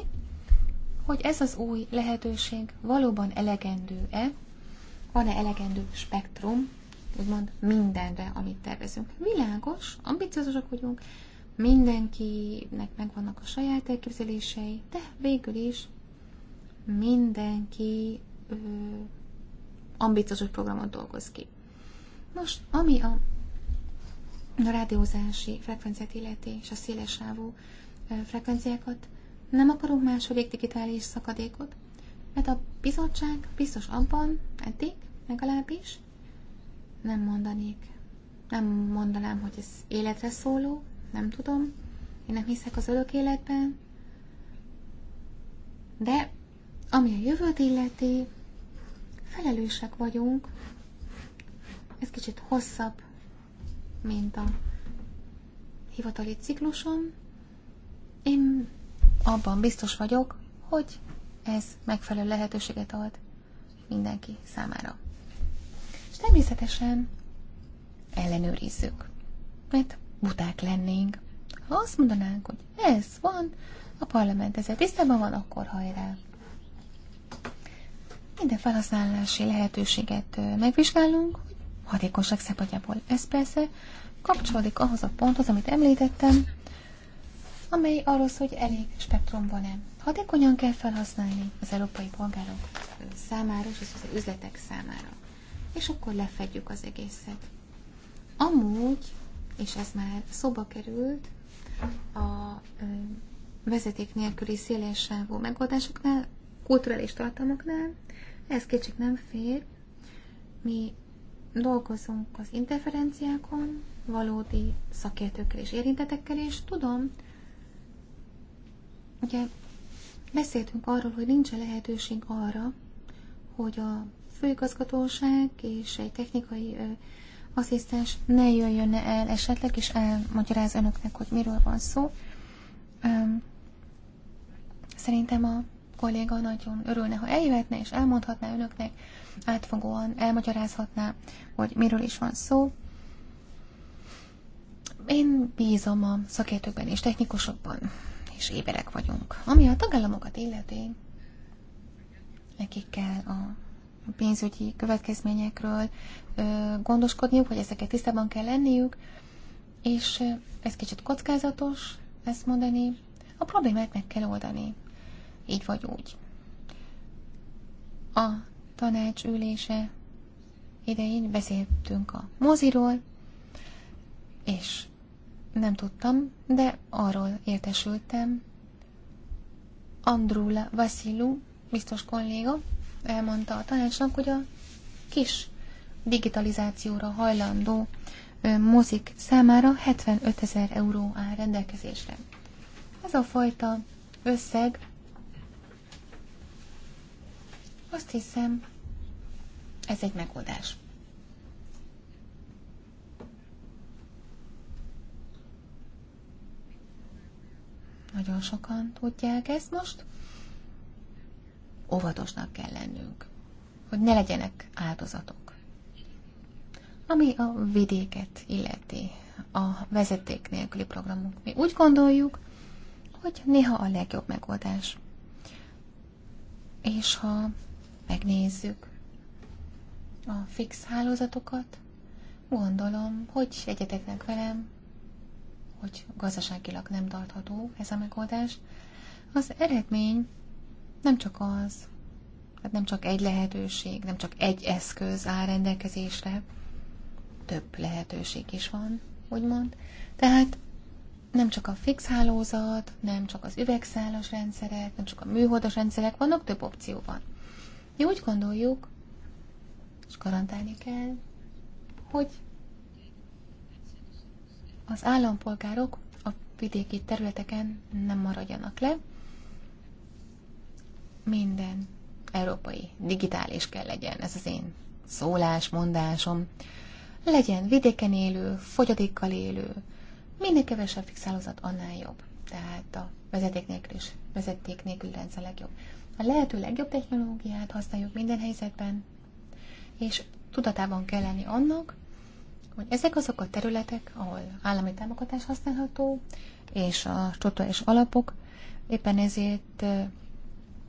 hogy ez az új lehetőség valóban elegendő-e, van-e elegendő spektrum, úgymond mindenre, amit tervezünk. Világos, ambiciózusak vagyunk, mindenkinek megvannak a saját elképzelései, de végül is mindenki ambiciózus programot dolgoz ki. Most, ami a, a rádiózási frekvenciát illeti, és a szélesávú frekvenciákat, nem akarunk második digitális szakadékot, mert hát a bizottság biztos abban, eddig legalábbis, nem mondanék. Nem mondanám, hogy ez életre szóló, nem tudom. Én nem hiszek az örök életben. De ami a jövőt illeti, felelősek vagyunk. Ez kicsit hosszabb, mint a hivatali ciklusom. Én abban biztos vagyok, hogy ez megfelelő lehetőséget ad mindenki számára. És természetesen ellenőrizzük, mert buták lennénk. Ha azt mondanánk, hogy ez van, a parlament ezzel tisztában van, akkor hajrá. Minden felhasználási lehetőséget megvizsgálunk, hogy hatékonság szempontjából. Ez persze kapcsolódik ahhoz a ponthoz, amit említettem, amely arról szól, hogy elég spektrum van-e. Hatékonyan kell felhasználni az európai polgárok számára, és az üzletek számára. És akkor lefedjük az egészet. Amúgy, és ez már szóba került, a vezeték nélküli szélensávú megoldásoknál, kulturális tartalmaknál, ez kicsit nem fér. Mi dolgozunk az interferenciákon, valódi szakértőkkel és érintetekkel, és tudom, Ugye beszéltünk arról, hogy nincs -e lehetőség arra, hogy a főigazgatóság és egy technikai ö, asszisztens ne jöjjön el esetleg, és elmagyaráz önöknek, hogy miről van szó. Ö, szerintem a kolléga nagyon örülne, ha eljöhetne, és elmondhatná önöknek, átfogóan elmagyarázhatná, hogy miről is van szó. Én bízom a szakértőkben és technikusokban és éberek vagyunk. Ami a tagállamokat illeti, nekikkel a pénzügyi következményekről gondoskodniuk, hogy ezeket tisztában kell lenniük, és ez kicsit kockázatos ezt mondani, a problémát meg kell oldani, így vagy úgy. A tanács ülése idején beszéltünk a moziról, és nem tudtam, de arról értesültem. Andrula Vasilu, biztos kolléga, elmondta a tanácsnak, hogy a kis digitalizációra hajlandó mozik számára 75 ezer euró áll rendelkezésre. Ez a fajta összeg azt hiszem, ez egy megoldás. Nagyon sokan tudják ezt most. Óvatosnak kell lennünk, hogy ne legyenek áldozatok. Ami a vidéket illeti, a vezeték nélküli programunk. Mi úgy gondoljuk, hogy néha a legjobb megoldás. És ha megnézzük a fix hálózatokat, gondolom, hogy egyeteknek velem, hogy gazdaságilag nem tartható ez a megoldás. Az eredmény nem csak az, hát nem csak egy lehetőség, nem csak egy eszköz áll rendelkezésre, több lehetőség is van, úgymond. Tehát nem csak a fix hálózat, nem csak az üvegszálas rendszerek, nem csak a műholdas rendszerek, vannak több opció van. Mi úgy gondoljuk, és garantálni kell, hogy az állampolgárok a vidéki területeken nem maradjanak le. Minden európai digitális kell legyen, ez az én szólás, mondásom. Legyen vidéken élő, fogyatékkal élő, minél kevesebb fixálózat, annál jobb. Tehát a vezeték nélkül is, vezeték nélkül rendszer legjobb. A lehető legjobb technológiát használjuk minden helyzetben, és tudatában kell lenni annak, hogy ezek azok a területek, ahol állami támogatás használható, és a struktúrális alapok, éppen ezért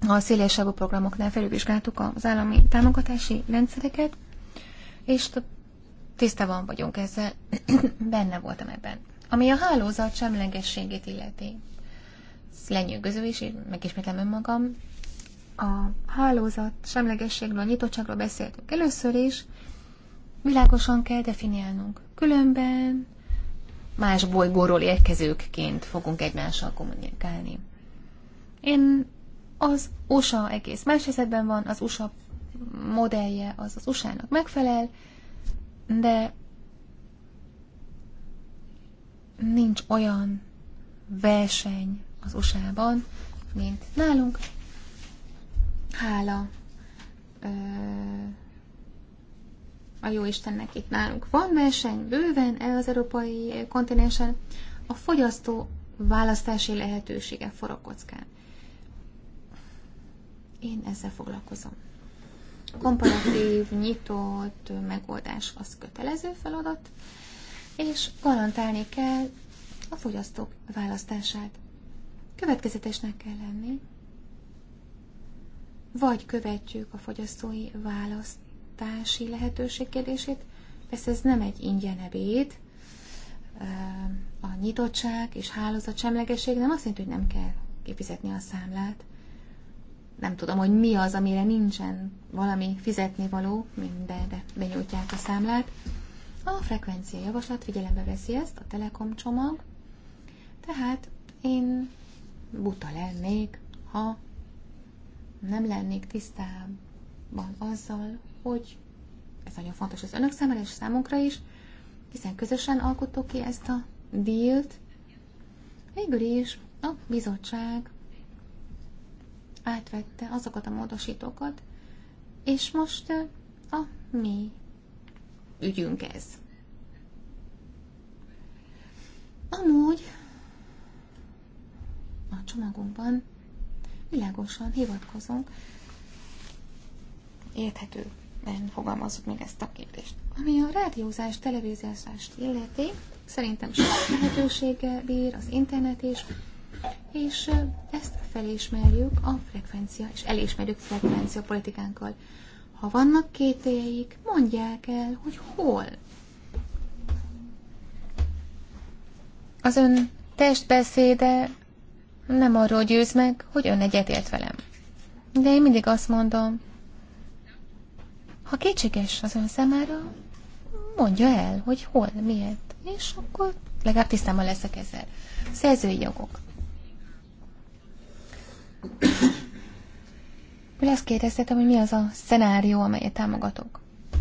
a szélesávú programoknál felülvizsgáltuk az állami támogatási rendszereket, és tisztában vagyunk ezzel, benne voltam ebben. Ami a hálózat semlegességét illeti, ez lenyűgöző is, én megismétlem önmagam. A hálózat semlegességről, a nyitottságról beszéltünk először is, Világosan kell definiálnunk. Különben más bolygóról érkezőkként fogunk egymással kommunikálni. Én az USA egész más esetben van, az USA modellje az az USA-nak megfelel, de nincs olyan verseny az USA-ban, mint nálunk. Hála. Ö- a jó Istennek itt nálunk. Van verseny bőven el az európai kontinensen, a fogyasztó választási lehetősége forog kockán. Én ezzel foglalkozom. Komparatív, nyitott megoldás az kötelező feladat, és garantálni kell a fogyasztók választását. Következetesnek kell lenni, vagy követjük a fogyasztói választ, oktatási lehetőség kérdését. Persze ez nem egy ingyen ebéd, a nyitottság és hálózat semlegesség nem azt jelenti, hogy nem kell kifizetni a számlát. Nem tudom, hogy mi az, amire nincsen valami fizetni való, mindenre benyújtják a számlát. A frekvencia javaslat figyelembe veszi ezt, a Telekom csomag. Tehát én buta lennék, ha nem lennék tisztában azzal, hogy ez nagyon fontos az önök számára és számunkra is, hiszen közösen alkottuk ki ezt a dílt. Végül is a bizottság átvette azokat a módosítókat, és most a mi ügyünk ez. Amúgy a csomagunkban világosan hivatkozunk érthető fogalmazzuk még ezt a kérdést. Ami a rádiózást, televíziózást illeti, szerintem sok lehetőséggel bír az internet is, és ezt felismerjük a frekvencia, és elismerjük frekvencia politikánkkal. Ha vannak kételjeik, mondják el, hogy hol. Az ön testbeszéde nem arról győz meg, hogy ön egyetért velem. De én mindig azt mondom, ha kétséges az ön számára, mondja el, hogy hol, miért, és akkor legalább tisztában leszek ezzel. Szerzői jogok. Mi azt kérdeztetem, hogy mi az a szenárió, amelyet támogatok.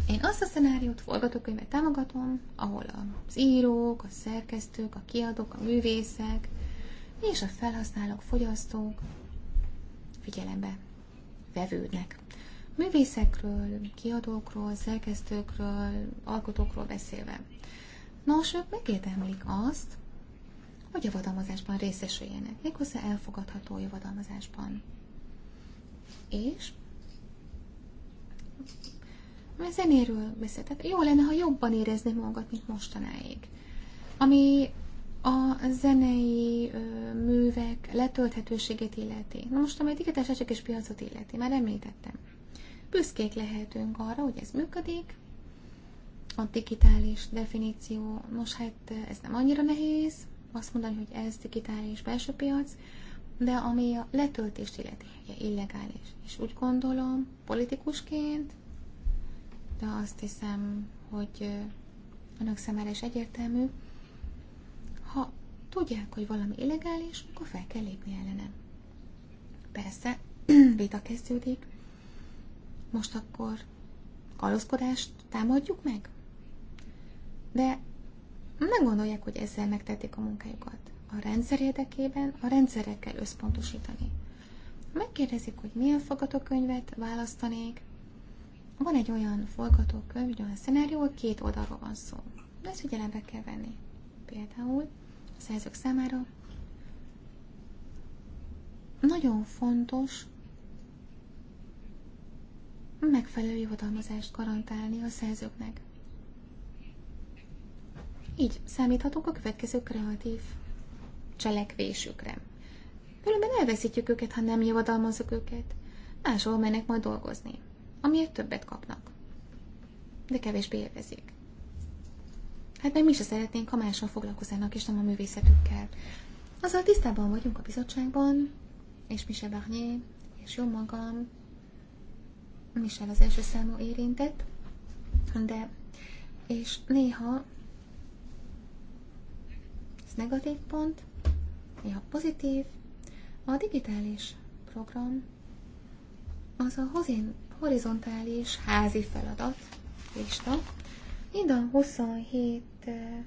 Én azt a szenáriót, amelyet támogatom, ahol az írók, a szerkesztők, a kiadók, a művészek és a felhasználók, fogyasztók figyelembe vevődnek művészekről, kiadókról, szerkesztőkről, alkotókról beszélve. Nos, ők megérdemlik azt, hogy javadalmazásban részesüljenek, méghozzá elfogadható javadalmazásban. És mert zenéről beszél. Tehát jó lenne, ha jobban érezni magad, mint mostanáig. Ami a zenei ö, művek letölthetőségét illeti. Na most, ami a digitális és piacot illeti, már említettem büszkék lehetünk arra, hogy ez működik. A digitális definíció, nos hát ez nem annyira nehéz, azt mondani, hogy ez digitális belső piac, de ami a letöltést illeti, ugye illegális. És úgy gondolom, politikusként, de azt hiszem, hogy önök szemére is egyértelmű, ha tudják, hogy valami illegális, akkor fel kell lépni ellenem. Persze, vita kezdődik, most akkor kalózkodást támadjuk meg? De nem gondolják, hogy ezzel megtették a munkájukat. A rendszer érdekében a rendszerre kell összpontosítani. Megkérdezik, hogy milyen forgatókönyvet választanék. Van egy olyan forgatókönyv, egy olyan szenárió, hogy két oldalról van szó. De ezt figyelembe kell venni. Például a szerzők számára nagyon fontos megfelelő jutalmazást garantálni a szerzőknek. Így számíthatunk a következő kreatív cselekvésükre. Különben elveszítjük őket, ha nem javadalmazok őket. Máshol mennek majd dolgozni, amiért többet kapnak. De kevésbé élvezik. Hát meg mi se szeretnénk, ha máshol foglalkoznának, és nem a művészetükkel. Azzal tisztában vagyunk a bizottságban, és Michel Barnier, és jó magam, Michel az első számú érintett, de és néha ez negatív pont, néha pozitív. A digitális program az a hozin horizontális házi feladat lista. Mind a 27 eh,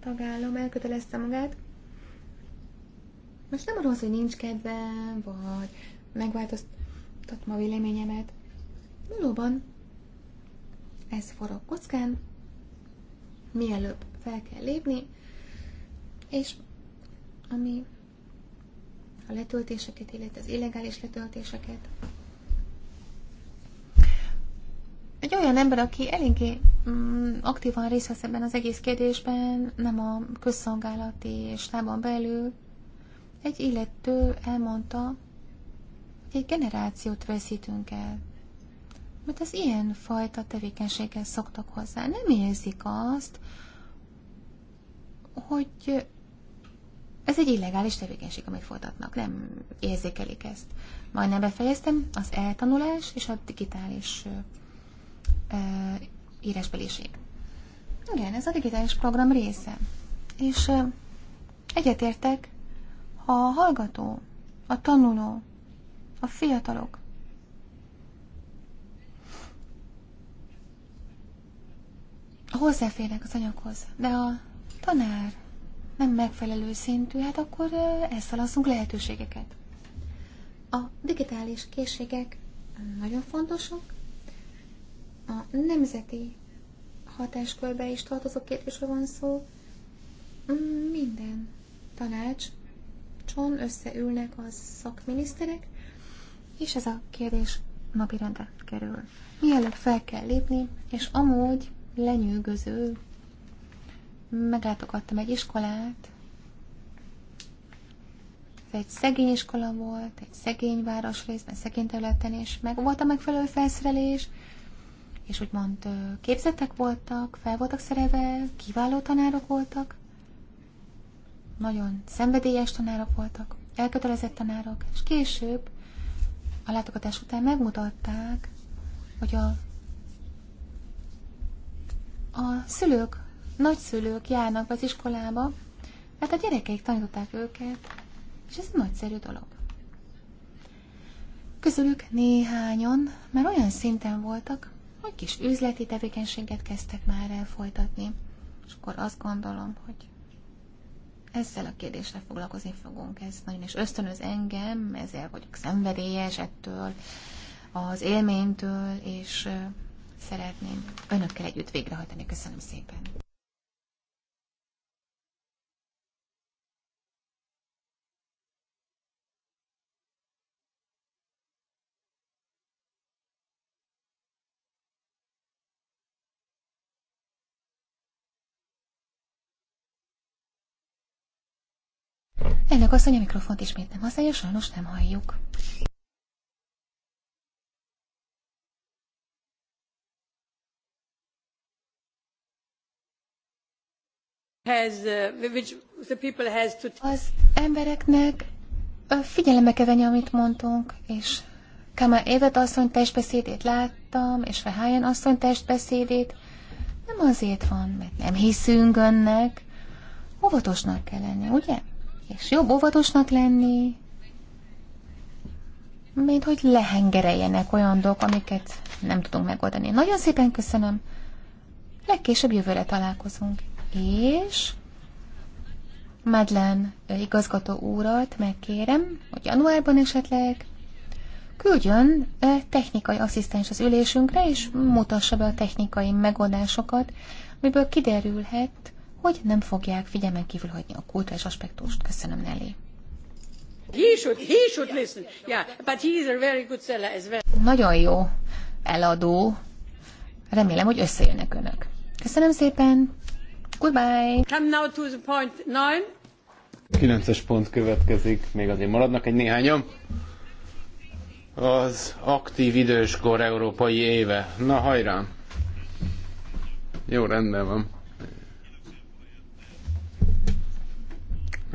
tagállam elkötelezte magát. Most nem arról, hogy nincs kedvem, vagy megváltoztatom a véleményemet. Valóban ez forog kockán, mielőbb fel kell lépni, és ami a letöltéseket, illetve az illegális letöltéseket. Egy olyan ember, aki eléggé mm, aktívan részt vesz ebben az egész kérdésben, nem a közszolgálati és lábon belül, egy illető elmondta, hogy egy generációt veszítünk el mert az ilyen fajta tevékenységgel szoktak hozzá. Nem érzik azt, hogy ez egy illegális tevékenység, amit folytatnak. Nem érzékelik ezt. Majdnem befejeztem az eltanulás és a digitális uh, írásbeliség. Igen, ez a digitális program része. És uh, egyetértek, ha a hallgató, a tanuló, a fiatalok hozzáférnek az anyaghoz, de a tanár nem megfelelő szintű, hát akkor elszalasszunk lehetőségeket. A digitális készségek nagyon fontosak. A nemzeti hatáskörbe is tartozó kérdésről van szó. Minden tanács cson összeülnek a szakminiszterek, és ez a kérdés napirendre kerül. Mielőtt fel kell lépni, és amúgy lenyűgöző. Meglátogattam egy iskolát, ez egy szegény iskola volt, egy szegény városrészben, szegény területen, és meg volt a megfelelő felszerelés, és úgymond képzettek voltak, fel voltak szereve, kiváló tanárok voltak, nagyon szenvedélyes tanárok voltak, elkötelezett tanárok, és később a látogatás után megmutatták, hogy a a szülők, nagyszülők járnak az iskolába, mert a gyerekeik tanították őket, és ez egy nagyszerű dolog. Közülük néhányan már olyan szinten voltak, hogy kis üzleti tevékenységet kezdtek már el folytatni, és akkor azt gondolom, hogy ezzel a kérdéssel foglalkozni fogunk. Ez nagyon is ösztönöz engem, ezzel vagyok szenvedélyes ettől, az élménytől, és szeretnénk önökkel együtt végrehajtani. Köszönöm szépen! Elnök asszony, a mikrofont ismét nem használja, sajnos nem halljuk. Uh, Az embereknek figyelembe kell venni, amit mondtunk, és Kama Évet asszony testbeszédét láttam, és Fehájen asszony testbeszédét. Nem azért van, mert nem hiszünk önnek. Óvatosnak kell lenni, ugye? És jobb óvatosnak lenni, mint hogy lehengereljenek olyan dolgok, amiket nem tudunk megoldani. Nagyon szépen köszönöm. Legkésőbb jövőre találkozunk és Madlen igazgató úrat megkérem, hogy januárban esetleg küldjön technikai asszisztens az ülésünkre, és mutassa be a technikai megoldásokat, amiből kiderülhet, hogy nem fogják figyelmen kívül hagyni a kultúrás aspektust. Köszönöm, Nelly. He should, he should listen. Yeah, but he is a very good seller as well. Nagyon jó eladó. Remélem, hogy összejönnek önök. Köszönöm szépen. Goodbye! Come now to the point nine. pont következik, még azért maradnak egy néhányan. Az aktív időskor európai éve. Na hajrá! Jó, rendben van.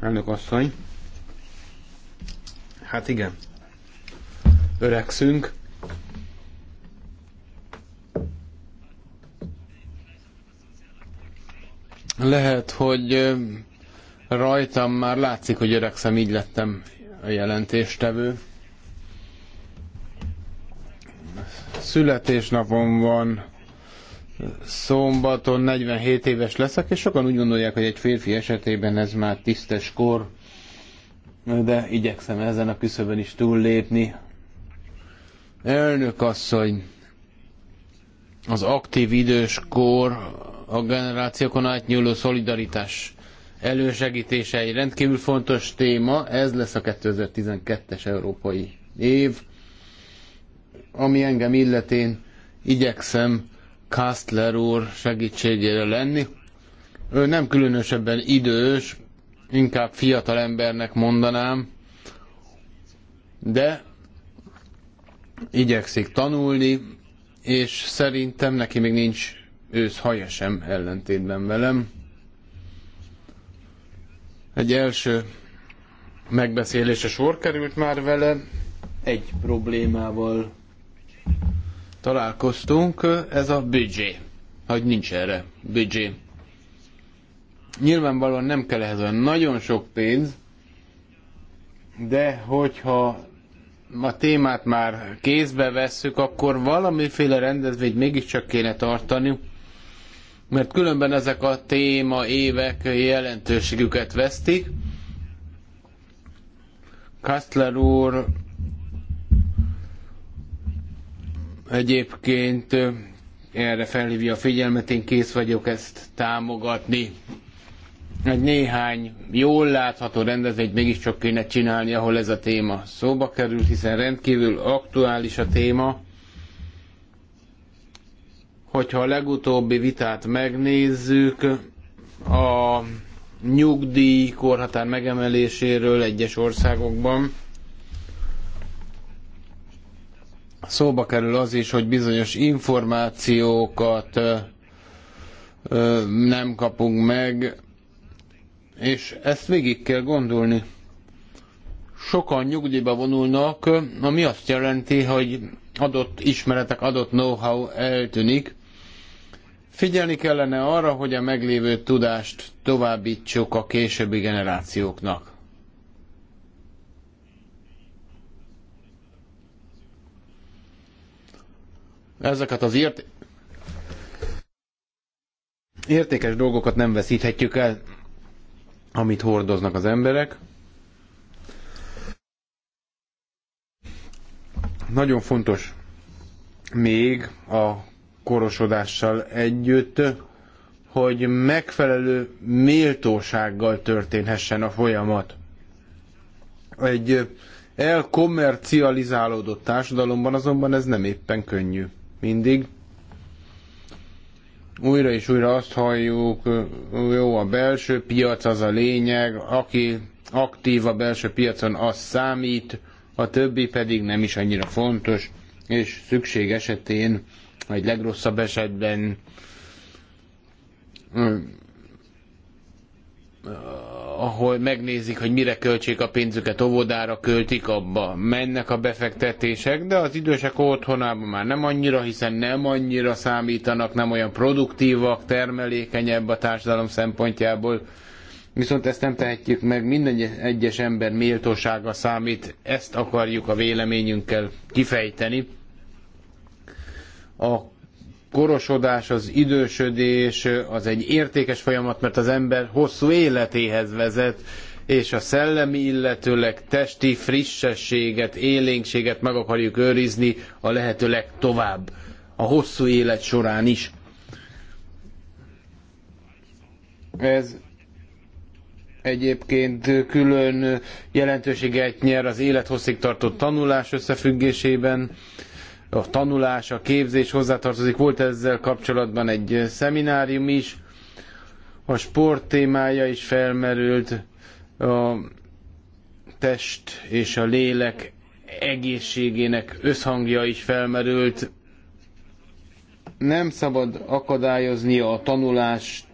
Elnök asszony. Hát igen. Öregszünk. Lehet, hogy rajtam már látszik, hogy öregszem, így lettem a jelentéstevő. Születésnapom van, szombaton 47 éves leszek, és sokan úgy gondolják, hogy egy férfi esetében ez már tisztes kor, de igyekszem ezen a küszöbön is túllépni. Elnök asszony, az aktív időskor a generációkon átnyúló szolidaritás elősegítése egy rendkívül fontos téma, ez lesz a 2012-es európai év, ami engem illetén igyekszem Kastler úr segítségére lenni. Ő nem különösebben idős, inkább fiatal embernek mondanám, de igyekszik tanulni, és szerintem neki még nincs ősz haja sem ellentétben velem. Egy első megbeszélése sor került már vele, egy problémával találkoztunk, ez a büdzsé. Hogy nincs erre büdzsé. Nyilvánvalóan nem kell ehhez olyan nagyon sok pénz, de hogyha a témát már kézbe vesszük, akkor valamiféle rendezvényt mégiscsak kéne tartani, mert különben ezek a téma évek jelentőségüket vesztik. Kastler úr egyébként erre felhívja a figyelmet, én kész vagyok ezt támogatni. Egy néhány jól látható rendezvényt mégiscsak kéne csinálni, ahol ez a téma szóba kerül, hiszen rendkívül aktuális a téma. Hogyha a legutóbbi vitát megnézzük, a nyugdíj korhatár megemeléséről egyes országokban, szóba kerül az is, hogy bizonyos információkat nem kapunk meg, és ezt végig kell gondolni. Sokan nyugdíjba vonulnak, ami azt jelenti, hogy adott ismeretek, adott know-how eltűnik, Figyelni kellene arra, hogy a meglévő tudást továbbítsuk a későbbi generációknak. Ezeket az ért... értékes dolgokat nem veszíthetjük el, amit hordoznak az emberek. Nagyon fontos még a korosodással együtt, hogy megfelelő méltósággal történhessen a folyamat. Egy elkommercializálódott társadalomban azonban ez nem éppen könnyű. Mindig újra és újra azt halljuk, jó, a belső piac az a lényeg, aki aktív a belső piacon, az számít, a többi pedig nem is annyira fontos, és szükség esetén vagy legrosszabb esetben ahol megnézik, hogy mire költsék a pénzüket, óvodára költik, abba mennek a befektetések, de az idősek otthonában már nem annyira, hiszen nem annyira számítanak, nem olyan produktívak, termelékenyebb a társadalom szempontjából. Viszont ezt nem tehetjük meg, minden egyes ember méltósága számít, ezt akarjuk a véleményünkkel kifejteni a korosodás, az idősödés az egy értékes folyamat, mert az ember hosszú életéhez vezet, és a szellemi, illetőleg testi frissességet, élénkséget meg akarjuk őrizni a lehető legtovább, a hosszú élet során is. Ez egyébként külön jelentőséget nyer az élethosszig tartott tanulás összefüggésében, a tanulás, a képzés hozzátartozik. Volt ezzel kapcsolatban egy szeminárium is, a sport témája is felmerült, a test és a lélek egészségének összhangja is felmerült. Nem szabad akadályozni a tanulást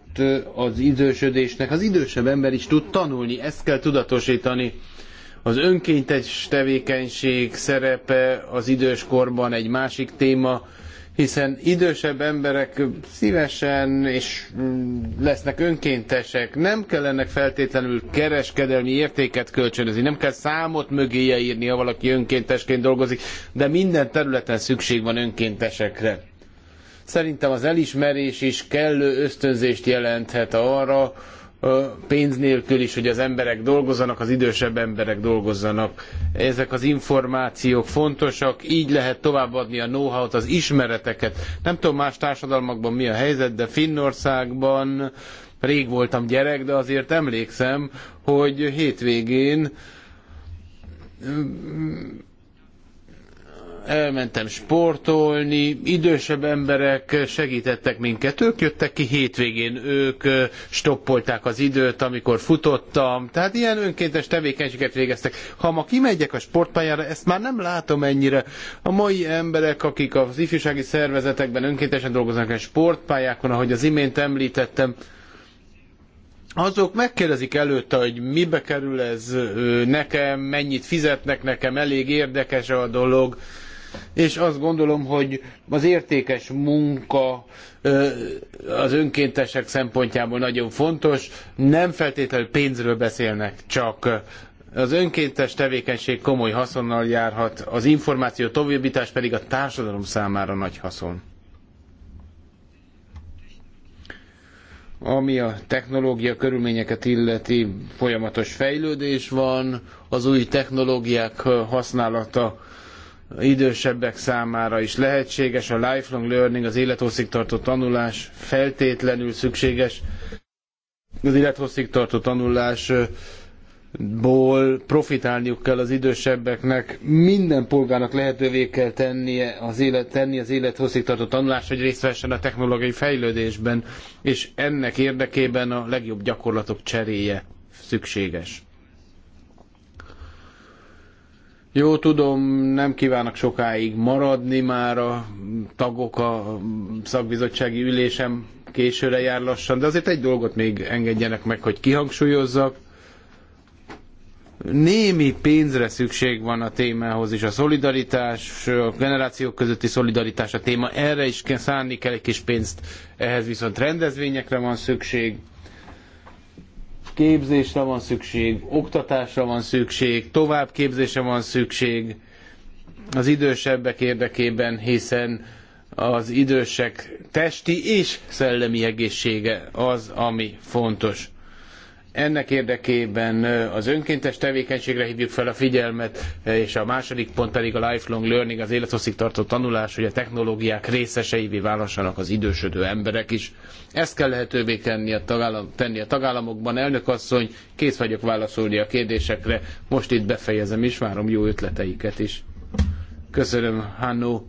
az idősödésnek. Az idősebb ember is tud tanulni, ezt kell tudatosítani az önkéntes tevékenység szerepe az időskorban egy másik téma, hiszen idősebb emberek szívesen és mm, lesznek önkéntesek, nem kell ennek feltétlenül kereskedelmi értéket kölcsönözni, nem kell számot mögéje írni, ha valaki önkéntesként dolgozik, de minden területen szükség van önkéntesekre. Szerintem az elismerés is kellő ösztönzést jelenthet arra, pénz nélkül is, hogy az emberek dolgozzanak, az idősebb emberek dolgozzanak. Ezek az információk fontosak, így lehet továbbadni a know-how-t, az ismereteket. Nem tudom más társadalmakban mi a helyzet, de Finnországban rég voltam gyerek, de azért emlékszem, hogy hétvégén elmentem sportolni, idősebb emberek segítettek minket, ők jöttek ki hétvégén, ők stoppolták az időt, amikor futottam, tehát ilyen önkéntes tevékenységet végeztek. Ha ma kimegyek a sportpályára, ezt már nem látom ennyire. A mai emberek, akik az ifjúsági szervezetekben önkéntesen dolgoznak, a sportpályákon, ahogy az imént említettem, azok megkérdezik előtte, hogy mibe kerül ez nekem, mennyit fizetnek nekem, elég érdekes a dolog és azt gondolom, hogy az értékes munka az önkéntesek szempontjából nagyon fontos. Nem feltétlenül pénzről beszélnek, csak az önkéntes tevékenység komoly haszonnal járhat, az információ továbbítás pedig a társadalom számára nagy haszon. Ami a technológia körülményeket illeti, folyamatos fejlődés van, az új technológiák használata idősebbek számára is lehetséges. A lifelong learning, az élethosszígtartó tanulás feltétlenül szükséges. Az élethosszígtartó tanulásból profitálniuk kell az idősebbeknek. Minden polgárnak lehetővé kell tennie az élet, tenni az élethosszígtartó tanulás, hogy részt vessen a technológiai fejlődésben, és ennek érdekében a legjobb gyakorlatok cseréje szükséges. Jó, tudom, nem kívánok sokáig maradni már a tagok a szakbizottsági ülésem későre jár lassan, de azért egy dolgot még engedjenek meg, hogy kihangsúlyozzak. Némi pénzre szükség van a témához is. A szolidaritás, a generációk közötti szolidaritás a téma, erre is szánni kell egy kis pénzt, ehhez viszont rendezvényekre van szükség képzésre van szükség, oktatásra van szükség, továbbképzésre van szükség az idősebbek érdekében, hiszen az idősek testi és szellemi egészsége az, ami fontos ennek érdekében az önkéntes tevékenységre hívjuk fel a figyelmet, és a második pont pedig a lifelong learning, az élethosszig tartó tanulás, hogy a technológiák részeseivé válhassanak az idősödő emberek is. Ezt kell lehetővé tenni a, tagállam, tenni a tagállamokban. Elnök asszony, kész vagyok válaszolni a kérdésekre. Most itt befejezem is, várom jó ötleteiket is. Köszönöm, Hannó.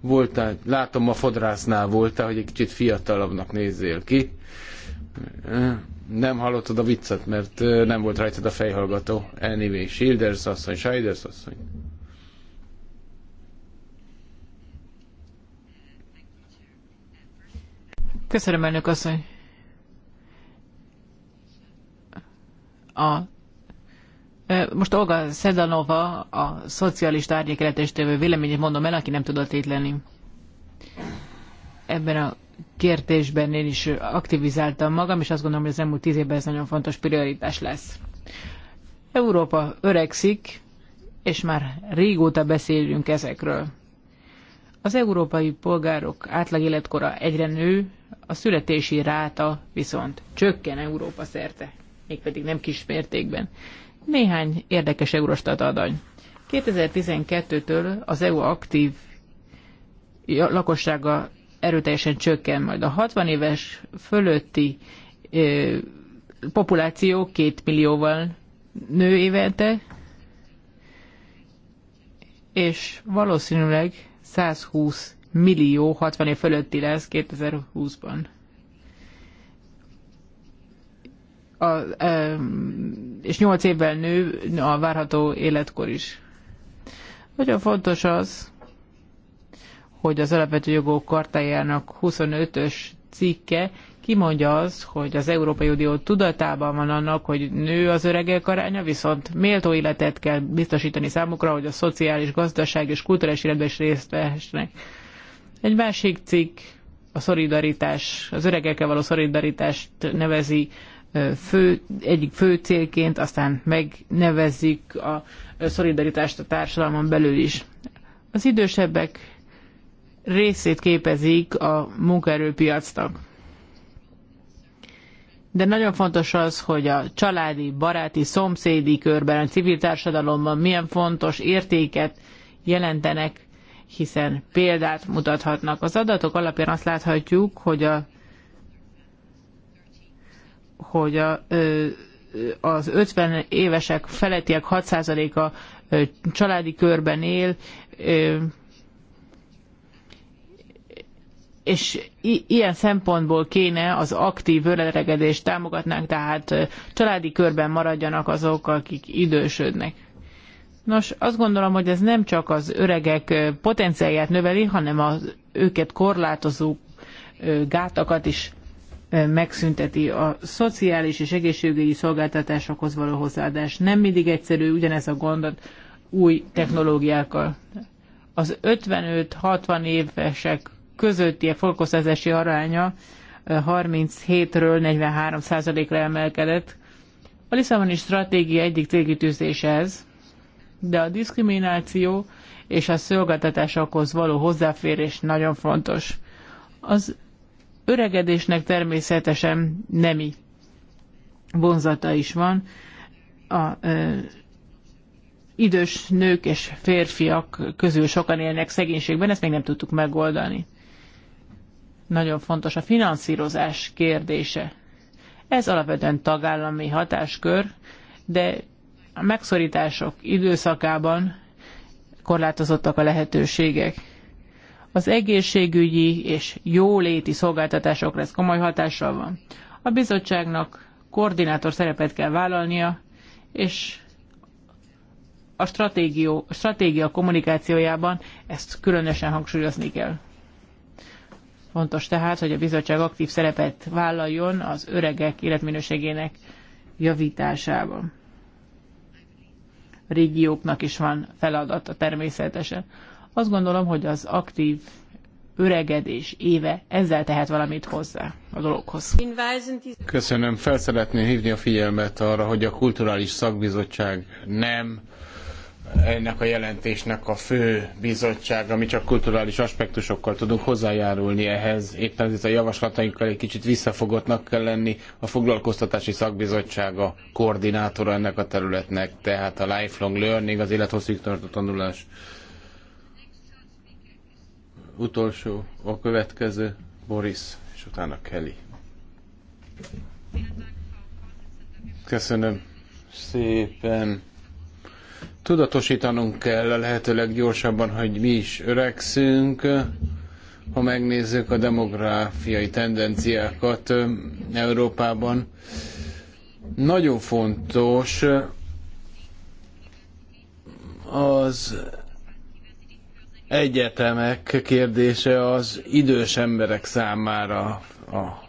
Voltál, látom a fodrásznál voltál, hogy egy kicsit fiatalabbnak nézzél ki. Nem hallottad a viccet, mert nem volt rajtad a fejhallgató. Anyway, Shilders asszony, Shilders asszony. Köszönöm, elnök asszony. A, most Olga Szedanova, a szocialista árnyékeletestővő véleményét mondom el, aki nem tudott itt lenni. Ebben a kérdésben én is aktivizáltam magam, és azt gondolom, hogy az elmúlt tíz évben ez nagyon fontos prioritás lesz. Európa öregszik, és már régóta beszélünk ezekről. Az európai polgárok átlag életkora egyre nő, a születési ráta viszont csökken Európa szerte, mégpedig nem kis mértékben. Néhány érdekes Eurostat adany. 2012-től az EU aktív lakossága erőteljesen csökken majd. A 60 éves fölötti ö, populáció két millióval nő évente, és valószínűleg 120 millió 60 év fölötti lesz 2020-ban. A, ö, és 8 évvel nő a várható életkor is. Nagyon fontos az, hogy az alapvető jogok kartájának 25-ös cikke kimondja az, hogy az Európai Unió tudatában van annak, hogy nő az öregek aránya, viszont méltó életet kell biztosítani számukra, hogy a szociális, gazdaság és kulturális életben is részt vehessenek. Egy másik cikk a szolidaritás, az öregekkel való szolidaritást nevezi fő, egyik fő célként, aztán megnevezik a szolidaritást a társadalmon belül is. Az idősebbek részét képezik a munkaerőpiacnak. De nagyon fontos az, hogy a családi, baráti, szomszédi körben, a civil társadalomban milyen fontos értéket jelentenek, hiszen példát mutathatnak. Az adatok alapján azt láthatjuk, hogy a hogy a, az 50 évesek felettiek 6%-a családi körben él, és ilyen szempontból kéne az aktív öregedést támogatnánk, tehát családi körben maradjanak azok, akik idősödnek. Nos, azt gondolom, hogy ez nem csak az öregek potenciáját növeli, hanem az őket korlátozó gátakat is megszünteti a szociális és egészségügyi szolgáltatásokhoz való hozzáadás. Nem mindig egyszerű ugyanez a gondot új technológiákkal. Az 55-60 évesek közötti a foglalkoztatási aránya 37-ről eh, 43 százalékra emelkedett. A Lisszaboni stratégia egyik célkitűzés ez, de a diszkrimináció és a szolgáltatásokhoz való hozzáférés nagyon fontos. Az öregedésnek természetesen nemi vonzata is van. A ö, eh, idős nők és férfiak közül sokan élnek szegénységben, ezt még nem tudtuk megoldani. Nagyon fontos a finanszírozás kérdése. Ez alapvetően tagállami hatáskör, de a megszorítások időszakában korlátozottak a lehetőségek. Az egészségügyi és jóléti szolgáltatásokra ez komoly hatással van. A bizottságnak koordinátor szerepet kell vállalnia, és a stratégia kommunikációjában ezt különösen hangsúlyozni kell. Fontos tehát, hogy a bizottság aktív szerepet vállaljon az öregek életminőségének javításában. A régióknak is van feladata természetesen. Azt gondolom, hogy az aktív öregedés éve ezzel tehet valamit hozzá a dologhoz. Köszönöm. Fel szeretném hívni a figyelmet arra, hogy a Kulturális Szakbizottság nem ennek a jelentésnek a fő bizottsága, mi csak kulturális aspektusokkal tudunk hozzájárulni ehhez. Éppen ez a javaslatainkkal egy kicsit visszafogottnak kell lenni. A foglalkoztatási szakbizottsága koordinátora ennek a területnek, tehát a lifelong learning, az élethosszig tartó tanulás. Utolsó, a következő, Boris, és utána Kelly. Köszönöm szépen. Tudatosítanunk kell a lehető leggyorsabban, hogy mi is öregszünk. Ha megnézzük a demográfiai tendenciákat Európában, nagyon fontos az egyetemek kérdése az idős emberek számára a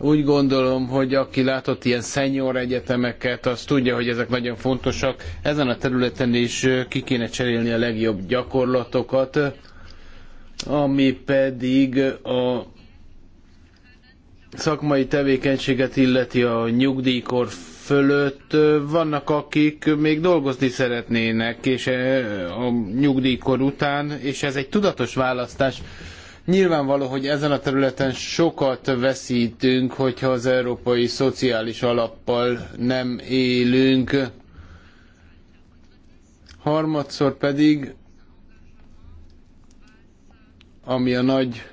úgy gondolom, hogy aki látott ilyen szenyor egyetemeket, az tudja, hogy ezek nagyon fontosak. Ezen a területen is ki kéne cserélni a legjobb gyakorlatokat, ami pedig a szakmai tevékenységet illeti a nyugdíjkor fölött. Vannak, akik még dolgozni szeretnének, és a nyugdíjkor után, és ez egy tudatos választás. Nyilvánvaló, hogy ezen a területen sokat veszítünk, hogyha az európai szociális alappal nem élünk. Harmadszor pedig, ami a nagy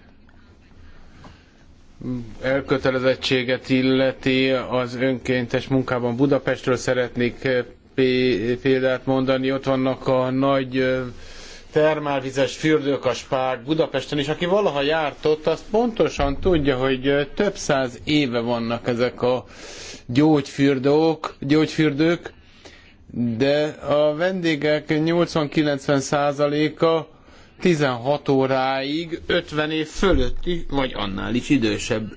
elkötelezettséget illeti az önkéntes munkában. Budapestről szeretnék példát mondani. Ott vannak a nagy termálvizes fürdők a spák Budapesten, és aki valaha járt ott, az pontosan tudja, hogy több száz éve vannak ezek a gyógyfürdők, gyógyfürdők de a vendégek 80-90 százaléka 16 óráig 50 év fölötti, vagy annál is idősebb.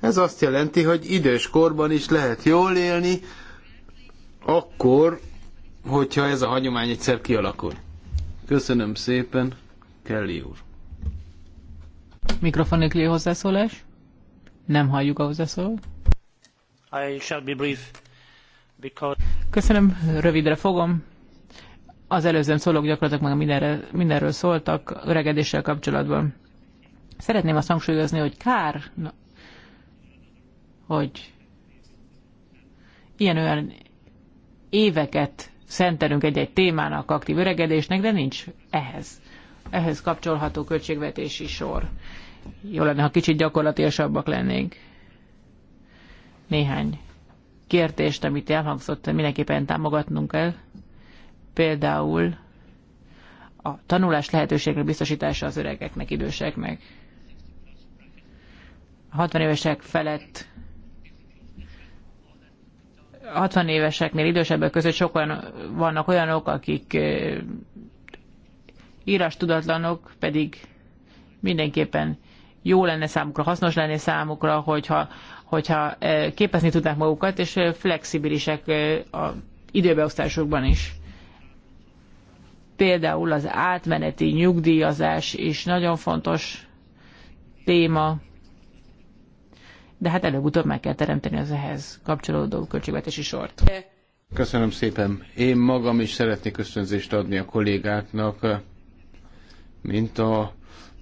Ez azt jelenti, hogy idős korban is lehet jól élni, akkor, hogyha ez a hagyomány egyszer kialakul. Köszönöm szépen, Kelly úr. Mikrofon nélküli hozzászólás? Nem halljuk a hozzászólót. I shall be brief, because... Köszönöm, rövidre fogom. Az előzőm szólók gyakorlatilag meg mindenre, mindenről szóltak öregedéssel kapcsolatban. Szeretném azt hangsúlyozni, hogy kár, na, hogy ilyen olyan éveket szentelünk egy-egy témának, aktív öregedésnek, de nincs ehhez. Ehhez kapcsolható költségvetési sor. Jó lenne, ha kicsit gyakorlatilasabbak lennénk. Néhány kértést, amit elhangzott, mindenképpen támogatnunk kell. Például a tanulás lehetőségre biztosítása az öregeknek, időseknek. A 60 évesek felett 60 éveseknél idősebbek között sokan vannak olyanok, akik írás tudatlanok, pedig mindenképpen jó lenne számukra, hasznos lenne számukra, hogyha, hogyha képezni tudnák magukat, és flexibilisek az időbeosztásokban is. Például az átmeneti nyugdíjazás is nagyon fontos téma de hát előbb-utóbb meg kell teremteni az ehhez kapcsolódó költségvetési sort. Köszönöm szépen. Én magam is szeretnék ösztönzést adni a kollégáknak, mint a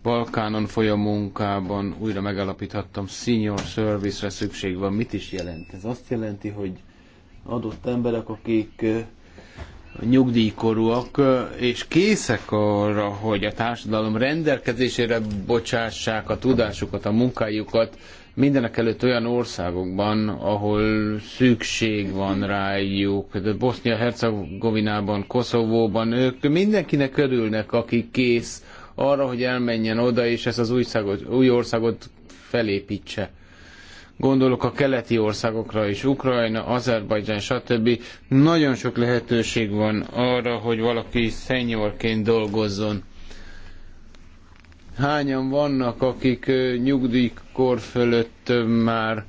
Balkánon folyó munkában újra megalapíthattam, senior service-re szükség van. Mit is jelent? Ez azt jelenti, hogy adott emberek, akik nyugdíjkorúak, és készek arra, hogy a társadalom rendelkezésére bocsássák a tudásukat, a munkájukat, Mindenek előtt olyan országokban, ahol szükség van rájuk, de Bosznia-Hercegovinában, Koszovóban ők mindenkinek örülnek, aki kész arra, hogy elmenjen oda, és ezt az új szágot, új országot felépítse. Gondolok a keleti országokra is, Ukrajna, Azerbajdzsán, stb. Nagyon sok lehetőség van arra, hogy valaki szenyorként dolgozzon. Hányan vannak, akik nyugdíj kor fölött már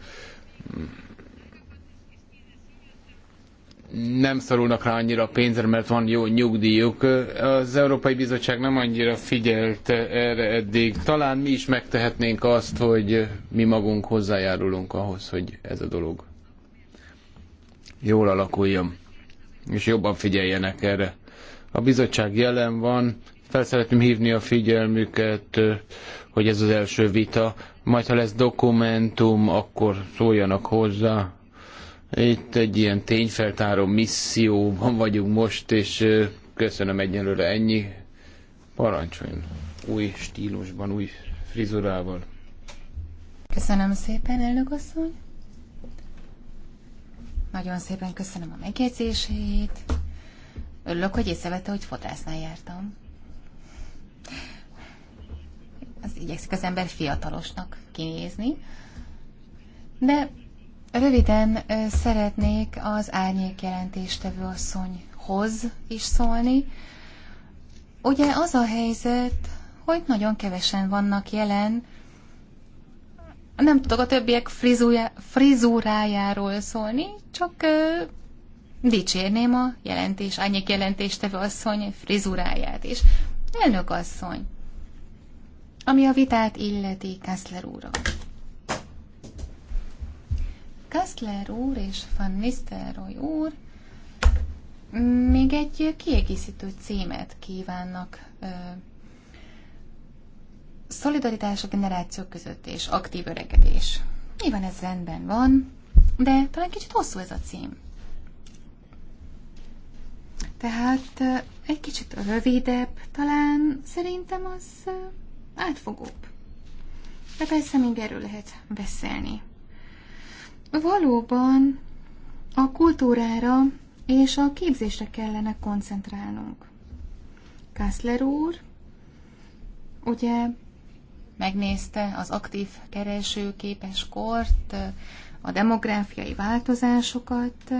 nem szorulnak rá annyira a pénzre, mert van jó nyugdíjuk. Az Európai Bizottság nem annyira figyelt erre eddig. Talán mi is megtehetnénk azt, hogy mi magunk hozzájárulunk ahhoz, hogy ez a dolog jól alakuljon, és jobban figyeljenek erre. A bizottság jelen van, fel szeretném hívni a figyelmüket, hogy ez az első vita, majd ha lesz dokumentum, akkor szóljanak hozzá. Itt egy ilyen tényfeltáró misszióban vagyunk most, és köszönöm egyelőre ennyi. Parancsoljon új stílusban, új frizurával. Köszönöm szépen, elnök asszony. Nagyon szépen köszönöm a megjegyzését. Örülök, hogy észrevette, hogy fotásznál jártam igyekszik az ember fiatalosnak kinézni. De röviden szeretnék az árnyék jelentéstevő asszonyhoz is szólni. Ugye az a helyzet, hogy nagyon kevesen vannak jelen, nem tudok a többiek frizúja, frizúrájáról szólni, csak ö, dicsérném a jelentés, annyi jelentéstevő asszony frizuráját is. Elnök asszony, ami a vitát illeti Kessler úra. Kessler úr és Van Nistelrooy úr még egy kiegészítő címet kívánnak szolidaritás a generációk között és aktív öregedés. Nyilván ez rendben van, de talán kicsit hosszú ez a cím. Tehát egy kicsit rövidebb, talán szerintem az átfogóbb. De persze még erről lehet beszélni. Valóban a kultúrára és a képzésre kellene koncentrálnunk. Kassler úr, ugye megnézte az aktív keresőképes kort, a demográfiai változásokat,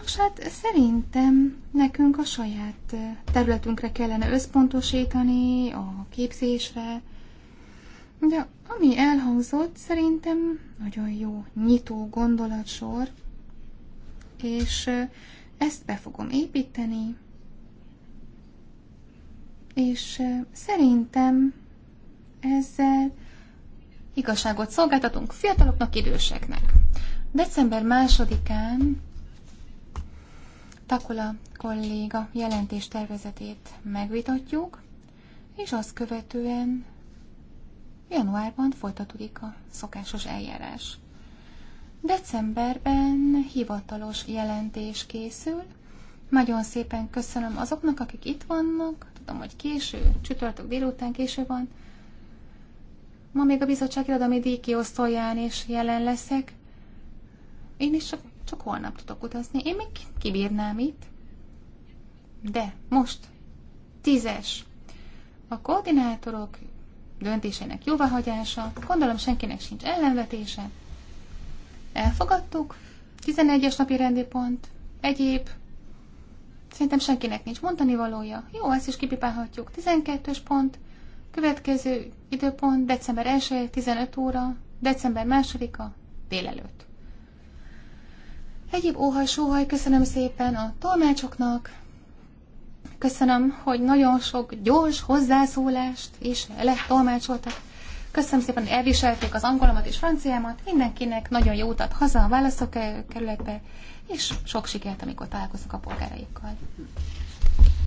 Nos hát szerintem nekünk a saját területünkre kellene összpontosítani, a képzésre, de ami elhangzott, szerintem nagyon jó nyitó gondolatsor, és ezt be fogom építeni, és szerintem ezzel igazságot szolgáltatunk fiataloknak, időseknek. December másodikán Takula kolléga jelentés tervezetét megvitatjuk, és azt követően januárban folytatódik a szokásos eljárás. Decemberben hivatalos jelentés készül. Nagyon szépen köszönöm azoknak, akik itt vannak. Tudom, hogy késő, csütörtök délután késő van. Ma még a bizottság irodalmi díjkiosztóján is jelen leszek. Én is csak csak holnap tudok utazni. Én még kibírnám itt. De most tízes. A koordinátorok döntésének jóváhagyása, gondolom senkinek sincs ellenvetése. Elfogadtuk. 11-es napi rendi pont. Egyéb. Szerintem senkinek nincs mondani valója. Jó, ezt is kipipálhatjuk. 12-es pont. Következő időpont december 1 15 óra, december 2-a délelőtt. Egyéb óhaj-sóhaj köszönöm szépen a tolmácsoknak, köszönöm, hogy nagyon sok gyors hozzászólást is letolmácsoltak. Köszönöm szépen, hogy elviselték az angolomat és franciámat. Mindenkinek nagyon jó ad haza a válaszok kerületbe, és sok sikert, amikor találkozunk a polgáraikkal.